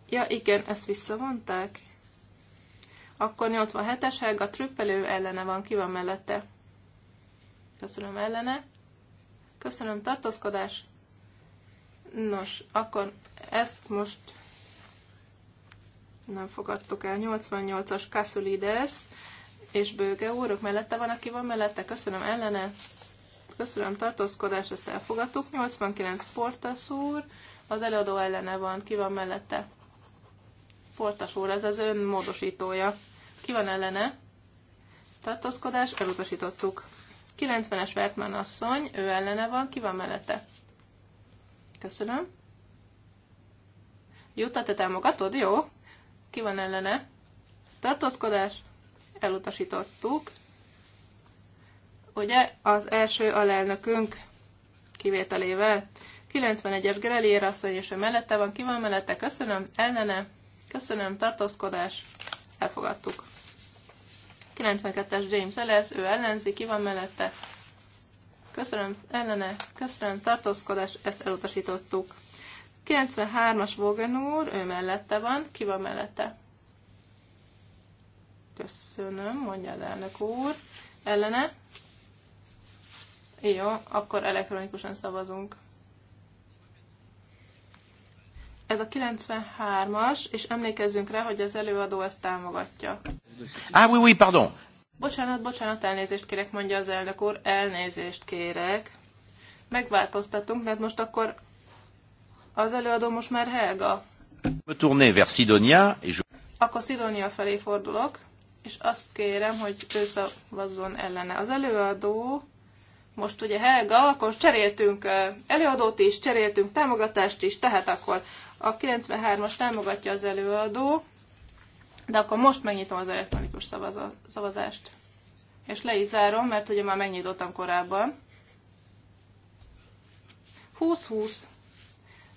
ja igen, ezt visszavonták. Akkor 87-es Helga Trüppelő ellene van, ki van mellette? Köszönöm, ellene? Köszönöm, tartózkodás. Nos, akkor ezt most nem fogadtuk el. 88-as Kasulides és Bőge úrok mellette van, aki van mellette. Köszönöm, ellene. Köszönöm, tartózkodás, ezt elfogadtuk. 89 Portas úr, az előadó ellene van, ki van mellette? Portas úr, ez az ön módosítója. Ki van ellene? Tartózkodás, elutasítottuk. 90-es Vertman asszony, ő ellene van, ki van mellette? Köszönöm. Jutta, te támogatod? Jó. Ki van ellene? Tartózkodás? Elutasítottuk. Ugye az első alelnökünk kivételével 91-es Grelier asszony, és ő mellette van, ki van mellette? Köszönöm. Ellene? Köszönöm. Tartózkodás? Elfogadtuk. 92-es James Ellis, ő ellenzi, ki van mellette. Köszönöm, ellene, köszönöm, tartózkodás, ezt elutasítottuk. 93-as Vogan úr, ő mellette van, ki van mellette? Köszönöm, mondja az elnök úr. Ellene? Jó, akkor elektronikusan szavazunk. Ez a 93-as, és emlékezzünk rá, hogy az előadó ezt támogatja. Ah, oui, oui, pardon. Bocsánat, bocsánat, elnézést kérek, mondja az elnök úr, elnézést kérek. Megváltoztatunk, mert most akkor az előadó most már Helga. Me tourner vers Sidonia, és... Akkor Sidonia felé fordulok, és azt kérem, hogy ő szavazzon ellene. Az előadó most ugye Helga, akkor cseréltünk előadót is, cseréltünk támogatást is, tehát akkor a 93-as támogatja az előadó, de akkor most megnyitom az elektronikus szavazást. És le is zárom, mert ugye már megnyitottam korábban. 20-20.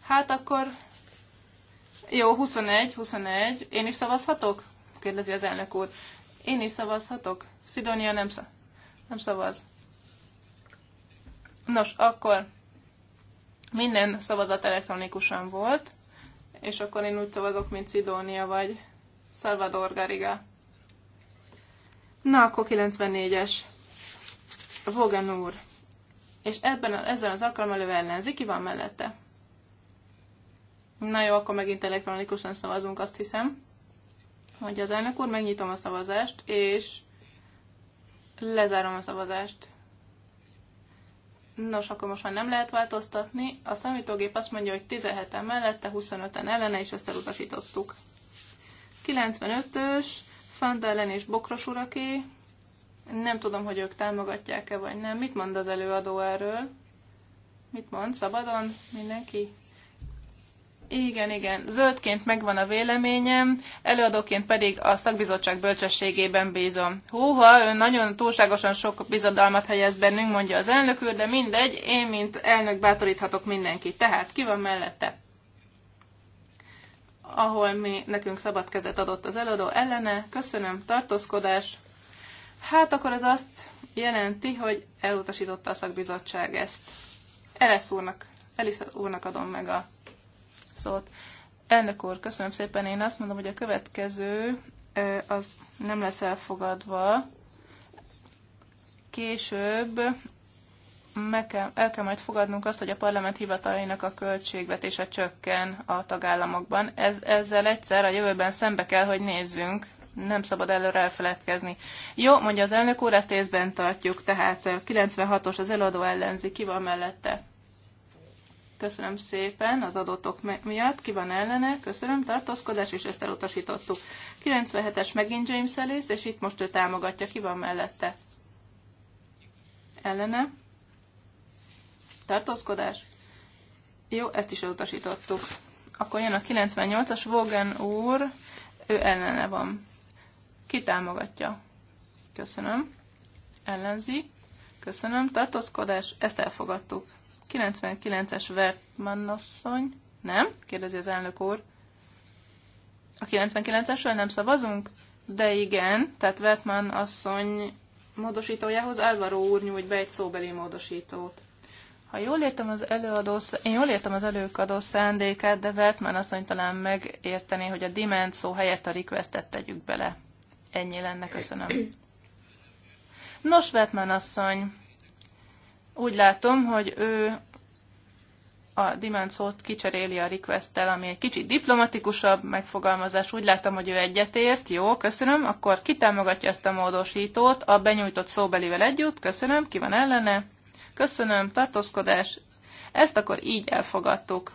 Hát akkor... Jó, 21-21. Én is szavazhatok? Kérdezi az elnök úr. Én is szavazhatok? Szidonia nem, szav... nem szavaz. Nos, akkor minden szavazat elektronikusan volt, és akkor én úgy szavazok, mint Szidónia vagy Salvador Gariga. Na, akkor 94-es. Vogan úr. És ebben, a, ezen az alkalommal ő ellenzi, ki van mellette? Na jó, akkor megint elektronikusan szavazunk, azt hiszem. Mondja az elnök úr, megnyitom a szavazást, és lezárom a szavazást. Nos, akkor most már nem lehet változtatni. A számítógép azt mondja, hogy 17-en mellette, 25-en ellene, és ezt elutasítottuk. 95-ös, Fandalen és Bokros uraké. Nem tudom, hogy ők támogatják-e vagy nem. Mit mond az előadó erről? Mit mond? Szabadon? Mindenki? Igen, igen. Zöldként megvan a véleményem, előadóként pedig a szakbizottság bölcsességében bízom. Húha, ön nagyon túlságosan sok bizodalmat helyez bennünk, mondja az elnök úr, de mindegy, én, mint elnök bátoríthatok mindenkit. Tehát ki van mellette? Ahol mi, nekünk szabad kezet adott az előadó ellene, köszönöm, tartózkodás. Hát akkor ez azt jelenti, hogy elutasította a szakbizottság ezt. Elesz úrnak, úrnak adom meg a szót. Elnök úr, köszönöm szépen. Én azt mondom, hogy a következő az nem lesz elfogadva. Később meg kell, el kell majd fogadnunk azt, hogy a parlament hivatalainak a költségvetése csökken a tagállamokban. Ez, ezzel egyszer a jövőben szembe kell, hogy nézzünk. Nem szabad előre elfeledkezni. Jó, mondja az elnök úr, ezt észben tartjuk. Tehát 96-os az eladó ellenzi, ki van mellette? Köszönöm szépen az adatok miatt. Ki van ellene? Köszönöm. Tartózkodás, és ezt elutasítottuk. 97-es megint James Ellis, és itt most ő támogatja. Ki van mellette? Ellene? Tartózkodás? Jó, ezt is elutasítottuk. Akkor jön a 98-as Vogan úr, ő ellene van. Ki támogatja? Köszönöm. Ellenzi? Köszönöm. Tartózkodás? Ezt elfogadtuk. 99-es Vertman asszony. Nem? kérdezi az elnök úr. A 99-esről nem szavazunk? De igen, tehát Vertman asszony módosítójához Álvaro úr nyújt be egy szóbeli módosítót. Ha jól értem az előadó, én jól értem az előadó szándékát, de Vertman asszony talán megértené, hogy a demand szó helyett a requestet tegyük bele. Ennyi lenne, köszönöm. Nos, Vertman asszony, úgy látom, hogy ő a demand szót kicseréli a request ami egy kicsit diplomatikusabb megfogalmazás. Úgy látom, hogy ő egyetért. Jó, köszönöm. Akkor kitámogatja ezt a módosítót a benyújtott szóbelivel együtt? Köszönöm. Ki van ellene? Köszönöm. Tartózkodás. Ezt akkor így elfogadtuk.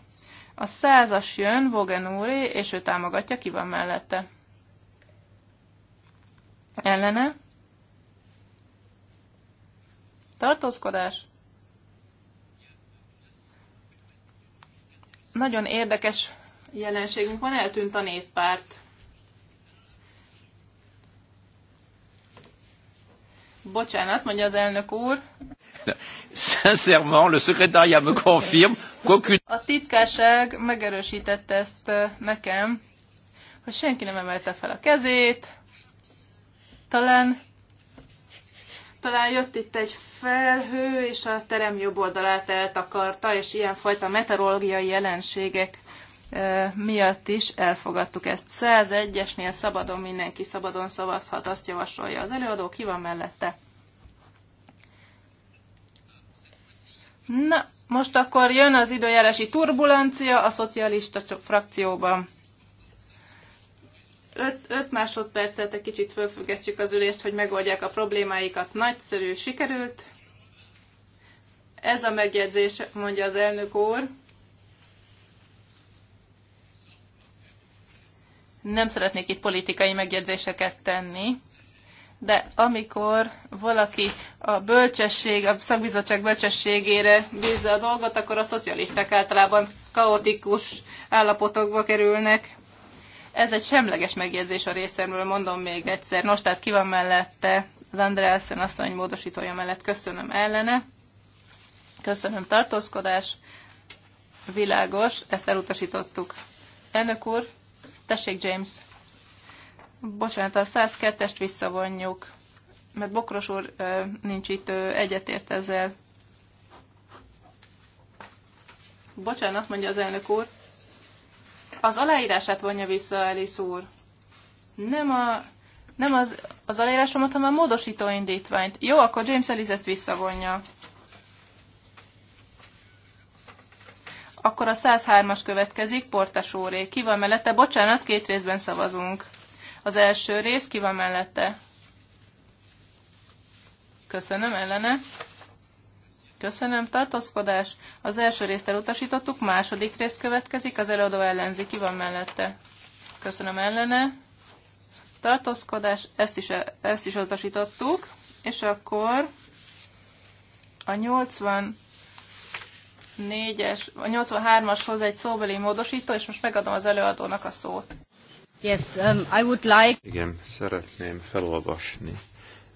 A százas jön, Vogan úré, és ő támogatja, ki van mellette. Ellene? Tartózkodás? nagyon érdekes jelenségünk van, eltűnt a néppárt. Bocsánat, mondja az elnök úr. Sincèrement, le secrétariat me confirme qu'aucune... A titkárság megerősítette ezt nekem, hogy senki nem emelte fel a kezét. Talán talán jött itt egy felhő, és a terem jobb oldalát eltakarta, és ilyenfajta meteorológiai jelenségek miatt is elfogadtuk ezt. 101-esnél szabadon mindenki szabadon szavazhat, azt javasolja az előadó, ki van mellette. Na, most akkor jön az időjárási turbulencia a szocialista frakcióban. 5 másodpercet egy kicsit fölfüggesztjük az ülést, hogy megoldják a problémáikat. Nagyszerű, sikerült. Ez a megjegyzés, mondja az elnök úr. Nem szeretnék itt politikai megjegyzéseket tenni, de amikor valaki a bölcsesség, a szakbizottság bölcsességére bízza a dolgot, akkor a szocialisták általában kaotikus állapotokba kerülnek. Ez egy semleges megjegyzés a részemről, mondom még egyszer. Nos, tehát ki van mellette? Az Andreasen asszony módosítója mellett köszönöm ellene. Köszönöm tartózkodás. Világos, ezt elutasítottuk. Elnök úr, tessék James. Bocsánat, a 102-est visszavonjuk, mert Bokros úr nincs itt, egyetért ezzel. Bocsánat, mondja az elnök úr az aláírását vonja vissza Elis úr. Nem, a, nem az, az aláírásomat, hanem a módosító indítványt. Jó, akkor James Ellis ezt visszavonja. Akkor a 103-as következik, portes úré. Ki van mellette? Bocsánat, két részben szavazunk. Az első rész ki van mellette? Köszönöm, ellene. Köszönöm. Tartózkodás. Az első részt elutasítottuk, második rész következik, az előadó ellenzi. Ki van mellette? Köszönöm ellene. Tartózkodás. Ezt is, ezt is elutasítottuk. És akkor a 80 4-es, a 83-as hoz egy szóbeli módosító, és most megadom az előadónak a szót. Yes, um, I would like... Igen, szeretném felolvasni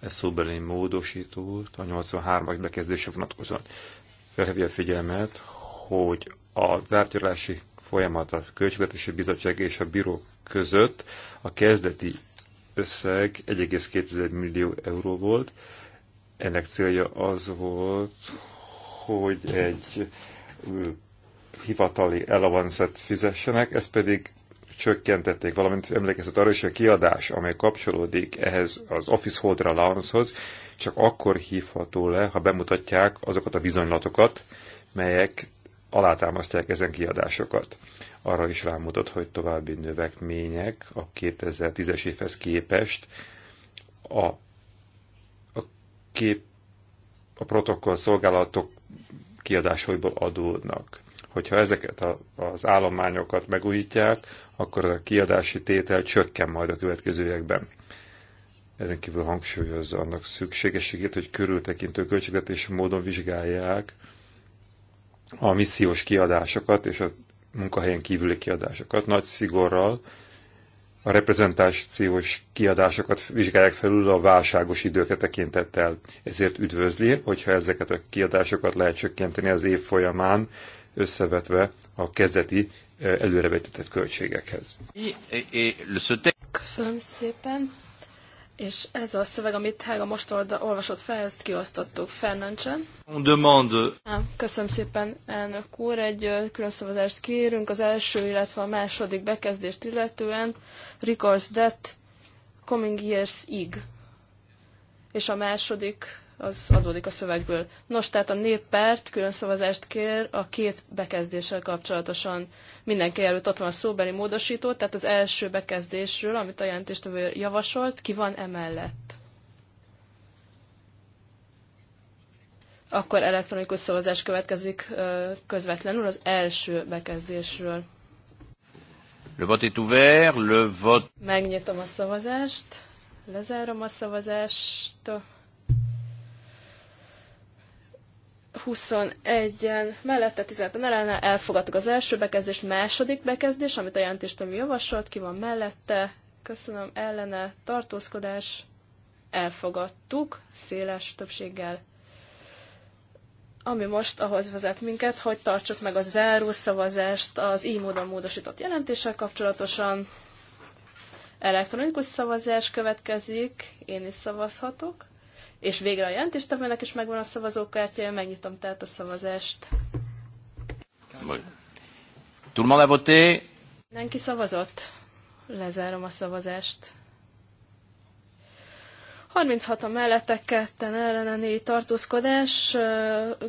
ez szóbeli módosítót, a 83-as bekezdése vonatkozóan. Felhívja a figyelmet, hogy a tárgyalási folyamat a Költségvetési Bizottság és a Bíró között a kezdeti összeg 1,2 millió euró volt. Ennek célja az volt, hogy egy hivatali elavancet fizessenek, ez pedig csökkentették, valamint emlékeztet arra is, hogy a kiadás, amely kapcsolódik ehhez az Office Holder Allowance-hoz, csak akkor hívható le, ha bemutatják azokat a bizonylatokat, melyek alátámasztják ezen kiadásokat. Arra is rámutat, hogy további növekmények a 2010-es évhez képest a, a kép a protokoll szolgálatok kiadásaiból adódnak. Hogyha ezeket a, az állományokat megújítják, akkor a kiadási tétel csökken majd a következőekben. Ezen kívül hangsúlyozza annak szükségességét, hogy körültekintő költségvetési módon vizsgálják a missziós kiadásokat és a munkahelyen kívüli kiadásokat. Nagy szigorral a reprezentációs kiadásokat vizsgálják felül a válságos időket tekintettel. Ezért üdvözli, hogyha ezeket a kiadásokat lehet csökkenteni az év folyamán, összevetve a kezdeti előrevetített költségekhez. Köszönöm szépen. És ez a szöveg, amit Helga most olvasott fel, ezt kiosztottuk Fernancsen. Köszönöm szépen, elnök úr. Egy külön szavazást kérünk az első, illetve a második bekezdést illetően. Records that coming years ig. És a második az adódik a szövegből. Nos, tehát a néppárt külön szavazást kér a két bekezdéssel kapcsolatosan. Mindenki előtt ott van a szóbeli módosító, tehát az első bekezdésről, amit a jelentéstevő javasolt, ki van emellett. Akkor elektronikus szavazás következik közvetlenül az első bekezdésről. Le vote est ouvert, le vote... Megnyitom a szavazást, lezárom a szavazást. 21-en mellette 17-en ellene elfogadtuk az első bekezdés, második bekezdés, amit a jelentéstevő javasolt, ki van mellette, köszönöm, ellene, tartózkodás, elfogadtuk széles többséggel. Ami most ahhoz vezet minket, hogy tartsuk meg a záró szavazást az így módon módosított jelentéssel kapcsolatosan. Elektronikus szavazás következik, én is szavazhatok és végre a jelentéstevőnek is megvan a szavazókártya, megnyitom tehát a szavazást. Tout le monde Mindenki szavazott? Lezárom a szavazást. 36 a mellettek, ketten ellene négy tartózkodás.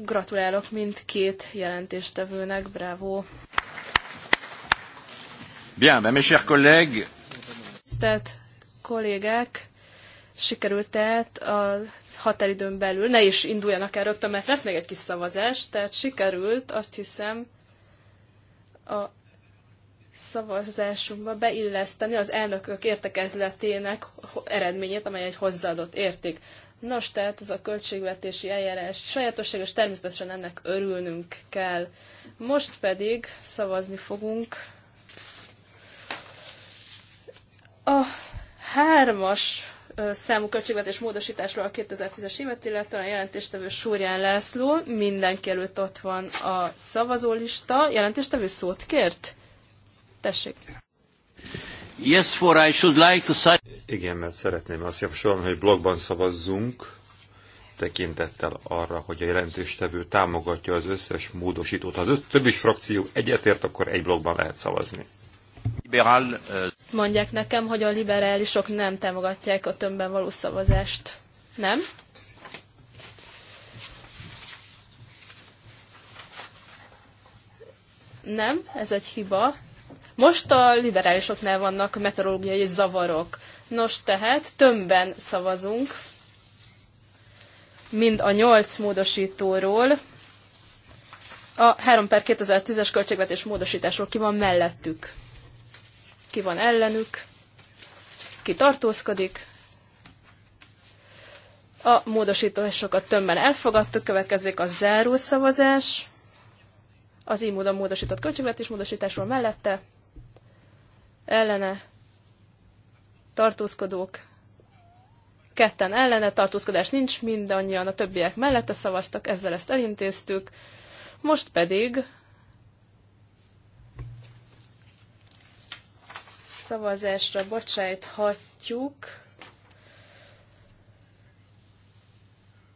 Gratulálok mindkét jelentéstevőnek, bravo! Bien, mes chers collègues! Tisztelt kollégák! Sikerült tehát a határidőn belül, ne is induljanak el rögtön, mert lesz még egy kis szavazás, tehát sikerült azt hiszem a szavazásunkba beilleszteni az elnökök értekezletének eredményét, amely egy hozzáadott érték. Nos, tehát ez a költségvetési eljárás és természetesen ennek örülnünk kell. Most pedig szavazni fogunk a hármas számú költségvetés módosításról a 2010-es évet, illetve a jelentéstevő Súrján László. Mindenki előtt ott van a szavazólista. Jelentéstevő szót kért? Tessék. Yes, for I should like to... say Igen, mert szeretném azt javasolni, hogy blogban szavazzunk, tekintettel arra, hogy a jelentéstevő támogatja az összes módosítót. Ha az öt többi frakció egyetért, akkor egy blogban lehet szavazni. Azt mondják nekem, hogy a liberálisok nem támogatják a tömbben való szavazást. Nem? Nem, ez egy hiba. Most a liberálisoknál vannak meteorológiai zavarok. Nos, tehát tömbben szavazunk, mind a nyolc módosítóról, a 3 per 2010-es költségvetés módosításról ki van mellettük ki van ellenük, ki tartózkodik. A módosításokat tömben elfogadtuk, következik a záró szavazás. Az így módon módosított költségvetés módosításról mellette ellene tartózkodók, ketten ellene, tartózkodás nincs, mindannyian a többiek mellette szavaztak, ezzel ezt elintéztük. Most pedig szavazásra bocsájthatjuk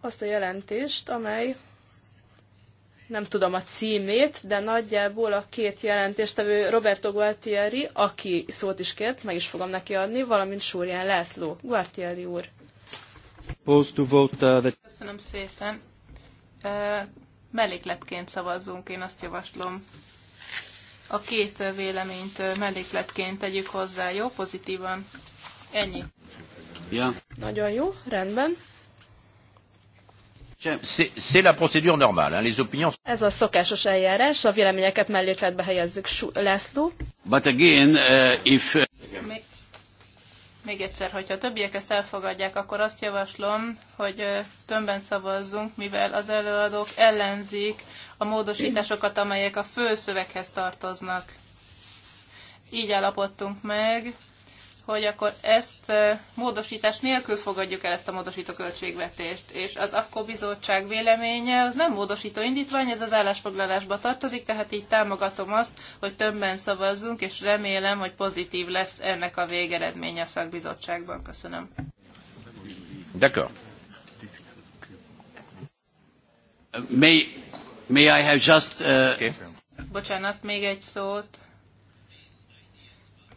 azt a jelentést, amely nem tudom a címét, de nagyjából a két jelentéstevő Roberto Gualtieri, aki szót is kért, meg is fogom neki adni, valamint Súrján László. Gualtieri úr. Uh, Köszönöm szépen. Uh, mellékletként szavazzunk, én azt javaslom a két véleményt mellékletként tegyük hozzá, jó? Pozitívan. Ennyi. Ja. Nagyon jó, rendben. C'est la procédure normale, hein, les opinions. Ez a szokásos eljárás, a véleményeket mellékletbe helyezzük László. But again, uh, if... Még, még egyszer, hogyha a többiek ezt elfogadják, akkor azt javaslom, hogy tömben szavazzunk, mivel az előadók ellenzik a módosításokat, amelyek a főszöveghez tartoznak. Így állapodtunk meg, hogy akkor ezt módosítás nélkül fogadjuk el ezt a módosító költségvetést, és az akkor bizottság véleménye az nem módosító indítvány, ez az állásfoglalásba tartozik, tehát így támogatom azt, hogy többen szavazzunk, és remélem, hogy pozitív lesz ennek a végeredménye a szakbizottságban. Köszönöm. D'accord. May, may I have just... Uh... Bocsánat, még egy szót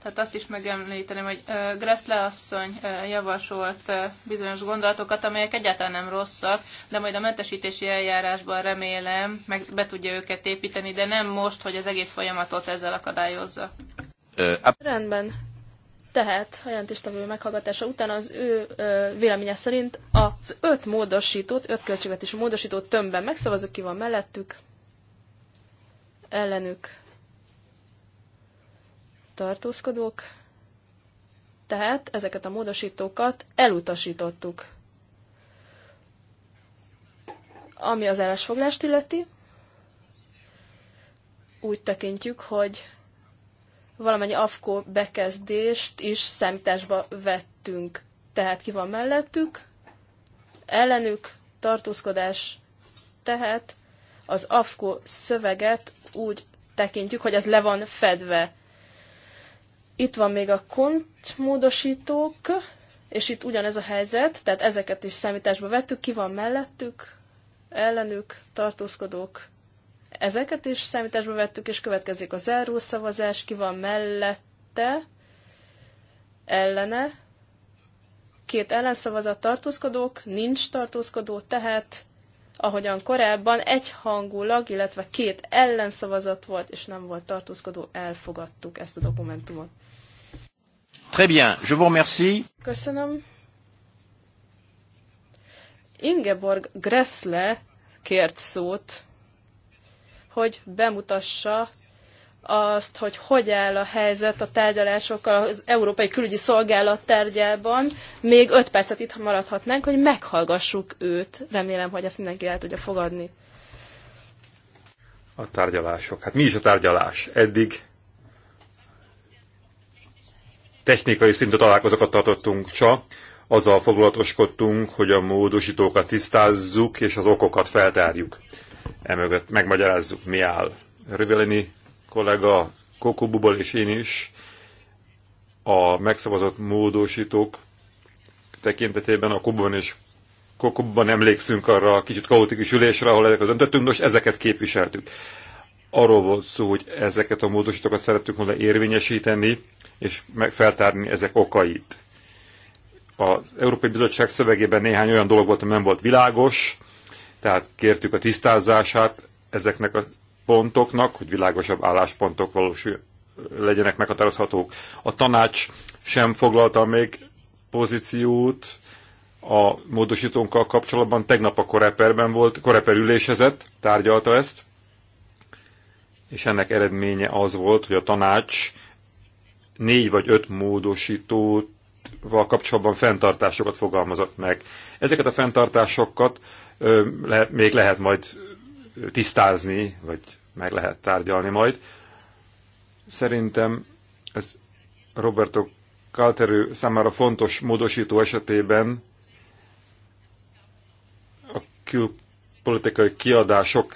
tehát azt is megemlíteném, hogy Gressle asszony javasolt bizonyos gondolatokat, amelyek egyáltalán nem rosszak, de majd a mentesítési eljárásban remélem, meg be tudja őket építeni, de nem most, hogy az egész folyamatot ezzel akadályozza. Rendben. Tehát a jelentéstevő meghallgatása után az ő ö, véleménye szerint az öt módosítót, öt költségvetési módosítót tömbben megszavazok, ki van mellettük, ellenük tartózkodók. Tehát ezeket a módosítókat elutasítottuk. Ami az állásfoglást illeti, úgy tekintjük, hogy valamennyi AFKO bekezdést is számításba vettünk. Tehát ki van mellettük, ellenük tartózkodás, tehát az AFKO szöveget úgy tekintjük, hogy ez le van fedve. Itt van még a kont módosítók, és itt ugyanez a helyzet, tehát ezeket is számításba vettük, ki van mellettük, ellenük, tartózkodók, ezeket is számításba vettük, és következik a zárószavazás, ki van mellette, ellene, két ellenszavazat tartózkodók, nincs tartózkodó, tehát ahogyan korábban egyhangulag, illetve két ellenszavazat volt, és nem volt tartózkodó, elfogadtuk ezt a dokumentumot. Très bien, je vous remercie. Köszönöm. Ingeborg Gressle kért szót, hogy bemutassa azt, hogy hogy áll a helyzet a tárgyalásokkal az Európai Külügyi Szolgálat tárgyában. Még öt percet itt maradhatnánk, hogy meghallgassuk őt. Remélem, hogy ezt mindenki el tudja fogadni. A tárgyalások. Hát mi is a tárgyalás? Eddig technikai szintű találkozókat tartottunk csak, azzal foglalatoskodtunk, hogy a módosítókat tisztázzuk, és az okokat feltárjuk. Emögött megmagyarázzuk, mi áll. Röveleni kollega Kokobubal és én is a megszavazott módosítók tekintetében a Kobban és Kokobban emlékszünk arra a kicsit kaotikus ülésre, ahol ezeket döntöttünk, most ezeket képviseltük. Arról volt szó, hogy ezeket a módosítókat szerettük volna érvényesíteni, és feltárni ezek okait. Az Európai Bizottság szövegében néhány olyan dolog volt, ami nem volt világos, tehát kértük a tisztázását ezeknek a pontoknak, hogy világosabb álláspontok valós legyenek meghatározhatók. A tanács sem foglalta még pozíciót a módosítónkkal kapcsolatban. Tegnap a koreperben volt, koreper ülésezett, tárgyalta ezt, és ennek eredménye az volt, hogy a tanács négy vagy öt módosítót val kapcsolatban fenntartásokat fogalmazott meg. Ezeket a fenntartásokat ö, le, még lehet majd tisztázni, vagy meg lehet tárgyalni majd. Szerintem ez Roberto Calterő számára fontos módosító esetében a külpolitikai kiadások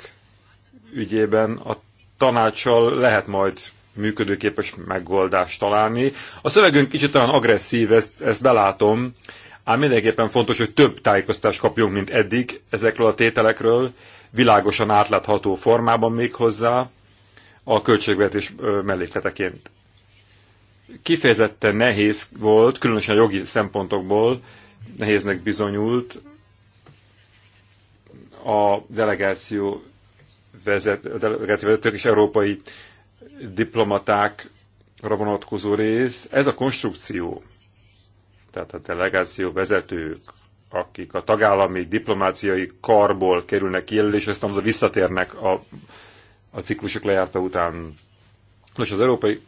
ügyében a tanácssal lehet majd működőképes megoldást találni. A szövegünk kicsit olyan agresszív, ezt, ezt belátom, Ám mindenképpen fontos, hogy több tájékoztást kapjunk, mint eddig ezekről a tételekről, világosan átlátható formában még hozzá a költségvetés mellékleteként. Kifejezetten nehéz volt, különösen jogi szempontokból nehéznek bizonyult a delegáció, vezet, a delegáció vezetők és európai diplomatákra vonatkozó rész. Ez a konstrukció, tehát a delegáció vezetők, akik a tagállami diplomáciai karból kerülnek és aztán visszatérnek a, a ciklusok lejárta után. Nos, az Európai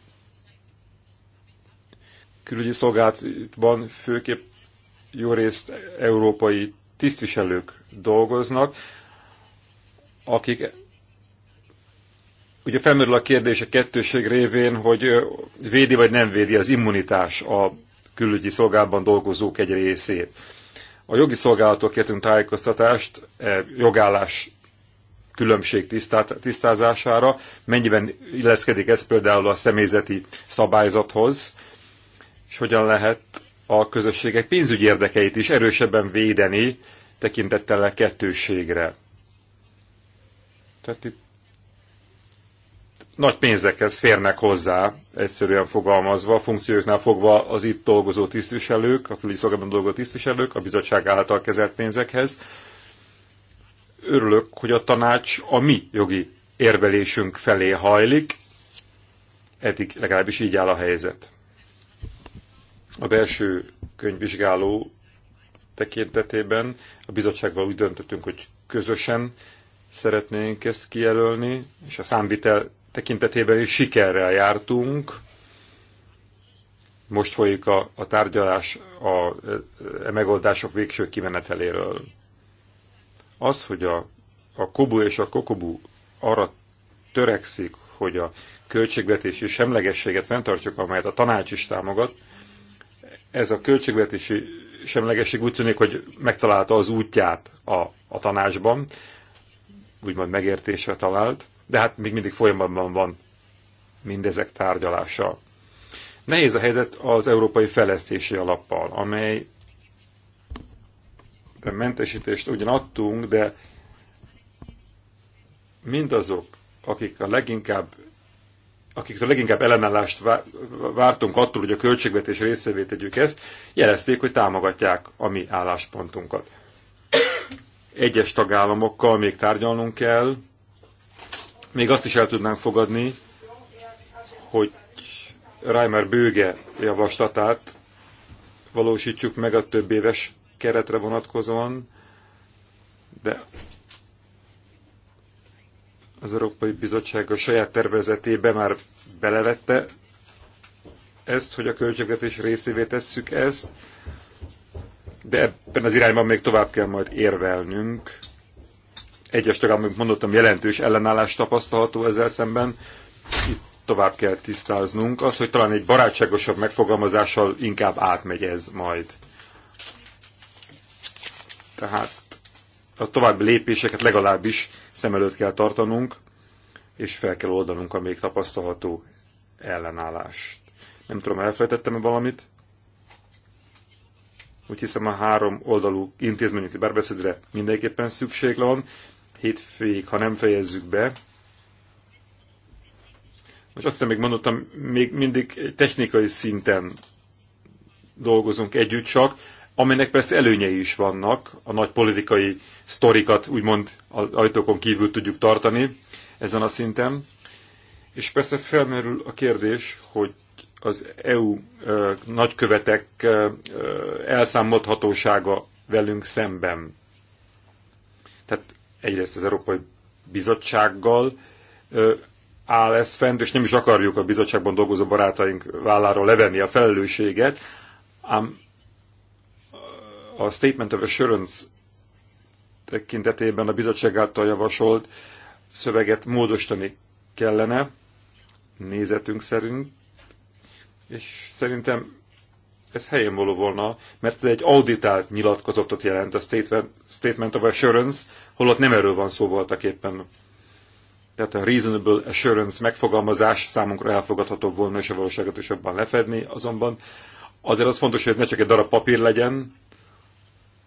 Külügyi Szolgálatban főképp jó részt európai tisztviselők dolgoznak, akik ugye felmerül a kérdés a kettőség révén, hogy védi vagy nem védi az immunitás a külügyi szolgálatban dolgozók egy részét. A jogi szolgálatok kértünk tájékoztatást, e jogállás különbség tisztázására, mennyiben illeszkedik ez például a személyzeti szabályzathoz, és hogyan lehet a közösségek pénzügyi érdekeit is erősebben védeni tekintettel a kettőségre. Tehát itt nagy pénzekhez férnek hozzá, egyszerűen fogalmazva, a funkcióknál fogva az itt dolgozó tisztviselők, a szolgálatban dolgozó tisztviselők, a bizottság által kezelt pénzekhez. Örülök, hogy a tanács a mi jogi érvelésünk felé hajlik, eddig legalábbis így áll a helyzet. A belső könyvvizsgáló tekintetében a bizottsággal úgy döntöttünk, hogy közösen szeretnénk ezt kijelölni, és a számvitel tekintetében is sikerrel jártunk. Most folyik a, a tárgyalás a, a, e megoldások végső kimeneteléről. Az, hogy a, a Kobu és a Kokobu arra törekszik, hogy a költségvetési semlegességet fenntartjuk, amelyet a tanács is támogat, ez a költségvetési semlegesség úgy tűnik, hogy megtalálta az útját a, a tanácsban úgymond megértésre talált, de hát még mindig folyamatban van mindezek tárgyalása. Nehéz a helyzet az Európai Fejlesztési Alappal, amely mentesítést ugyan adtunk, de mindazok, akik a leginkább akiktől leginkább ellenállást vártunk attól, hogy a költségvetés részévé tegyük ezt, jelezték, hogy támogatják a mi álláspontunkat egyes tagállamokkal még tárgyalnunk kell. Még azt is el tudnánk fogadni, hogy Reimer bőge javaslatát valósítsuk meg a több éves keretre vonatkozóan, de az Európai Bizottság a saját tervezetébe már belevette ezt, hogy a költségvetés részévé tesszük ezt, de ebben az irányban még tovább kell majd érvelnünk. Egyes tagállamok, mondottam, jelentős ellenállás tapasztalható ezzel szemben. Itt tovább kell tisztáznunk. Az, hogy talán egy barátságosabb megfogalmazással inkább átmegy ez majd. Tehát a további lépéseket legalábbis szem előtt kell tartanunk, és fel kell oldanunk a még tapasztalható ellenállást. Nem tudom, elfelejtettem -e valamit? úgy hiszem a három oldalú intézményi párbeszédre mindenképpen szükség van. Hétfőig, ha nem fejezzük be, most azt hiszem, még mondottam, még mindig technikai szinten dolgozunk együtt csak, aminek persze előnyei is vannak, a nagy politikai sztorikat úgymond az ajtókon kívül tudjuk tartani ezen a szinten. És persze felmerül a kérdés, hogy az EU nagykövetek elszámolhatósága velünk szemben. Tehát egyrészt az Európai Bizottsággal áll ez fent, és nem is akarjuk a bizottságban dolgozó barátaink válláról levenni a felelősséget, ám a Statement of Assurance tekintetében a bizottság által javasolt szöveget módosítani kellene, nézetünk szerint, és szerintem ez helyén való volna, mert ez egy auditált nyilatkozatot jelent a Statement, of Assurance, holott nem erről van szó voltak éppen. Tehát a reasonable assurance megfogalmazás számunkra elfogadható volna, és a valóságot is jobban lefedni, azonban azért az fontos, hogy ne csak egy darab papír legyen,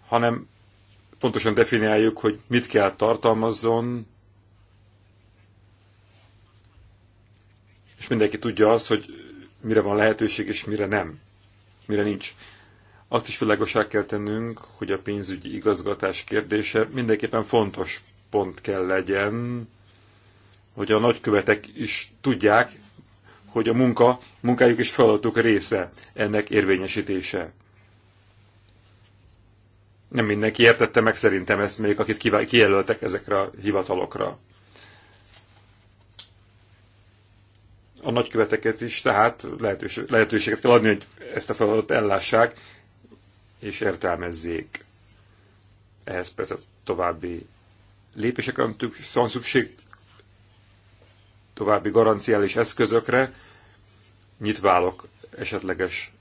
hanem pontosan definiáljuk, hogy mit kell tartalmazzon, és mindenki tudja azt, hogy mire van lehetőség és mire nem, mire nincs. Azt is világosá kell tennünk, hogy a pénzügyi igazgatás kérdése mindenképpen fontos pont kell legyen, hogy a nagykövetek is tudják, hogy a munka, munkájuk és feladatuk része ennek érvényesítése. Nem mindenki értette meg szerintem ezt még, akit kijelöltek ezekre a hivatalokra. a nagyköveteket is, tehát lehetőség, lehetőséget kell adni, hogy ezt a feladatot ellássák és értelmezzék. Ehhez persze további lépések, amitük szóval szükség további garanciális eszközökre, nyitválok esetleges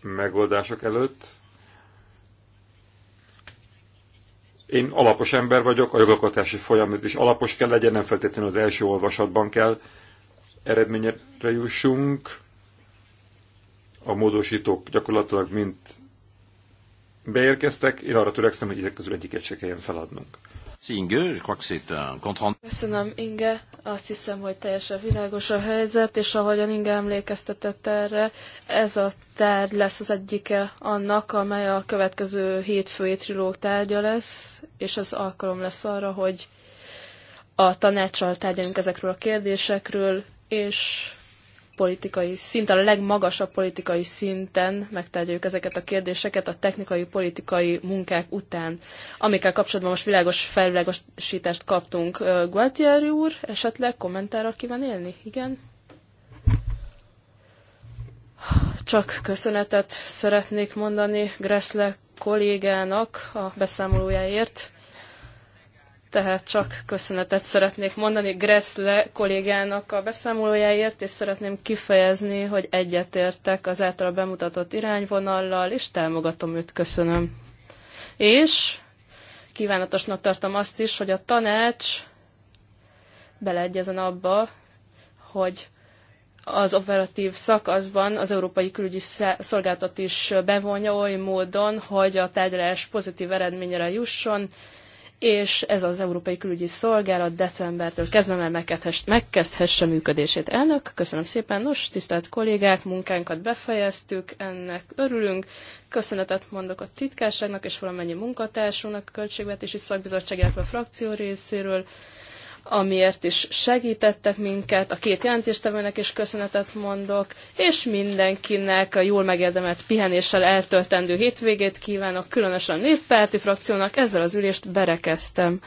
megoldások előtt. Én alapos ember vagyok, a jogalkotási folyamat is alapos kell legyen, nem feltétlenül az első olvasatban kell eredményre jussunk. A módosítók gyakorlatilag mind beérkeztek, én arra törekszem, hogy ezek közül egyiket se kelljen feladnunk. Köszönöm, Inge. Azt hiszem, hogy teljesen világos a helyzet, és ahogyan Inge emlékeztetett erre, ez a tárgy lesz az egyike annak, amely a következő hétfői trilóg tárgya lesz, és az alkalom lesz arra, hogy a tanácssal tárgyalunk ezekről a kérdésekről, és politikai szinten, a legmagasabb politikai szinten megtárgyaljuk ezeket a kérdéseket a technikai, politikai munkák után, amikkel kapcsolatban most világos felvilágosítást kaptunk. Gualtieri úr, esetleg kommentárral kíván élni? Igen? Csak köszönetet szeretnék mondani Gressle kollégának a beszámolójáért tehát csak köszönetet szeretnék mondani Gressle kollégának a beszámolójáért, és szeretném kifejezni, hogy egyetértek az által bemutatott irányvonallal, és támogatom őt, köszönöm. És kívánatosnak tartom azt is, hogy a tanács beleegyezen abba, hogy az operatív szakaszban az Európai Külügyi Szolgáltat is bevonja oly módon, hogy a tárgyalás pozitív eredményre jusson, és ez az Európai Külügyi Szolgálat decembertől kezdve már megkezdhesse működését. Elnök, köszönöm szépen. Nos, tisztelt kollégák, munkánkat befejeztük, ennek örülünk. Köszönetet mondok a titkárságnak és valamennyi munkatársunknak, a Költségvetési Szakbizottság, illetve a frakció részéről amiért is segítettek minket, a két jelentéstevőnek is köszönetet mondok, és mindenkinek a jól megérdemelt pihenéssel eltöltendő hétvégét kívánok, különösen a néppárti frakciónak, ezzel az ülést berekeztem.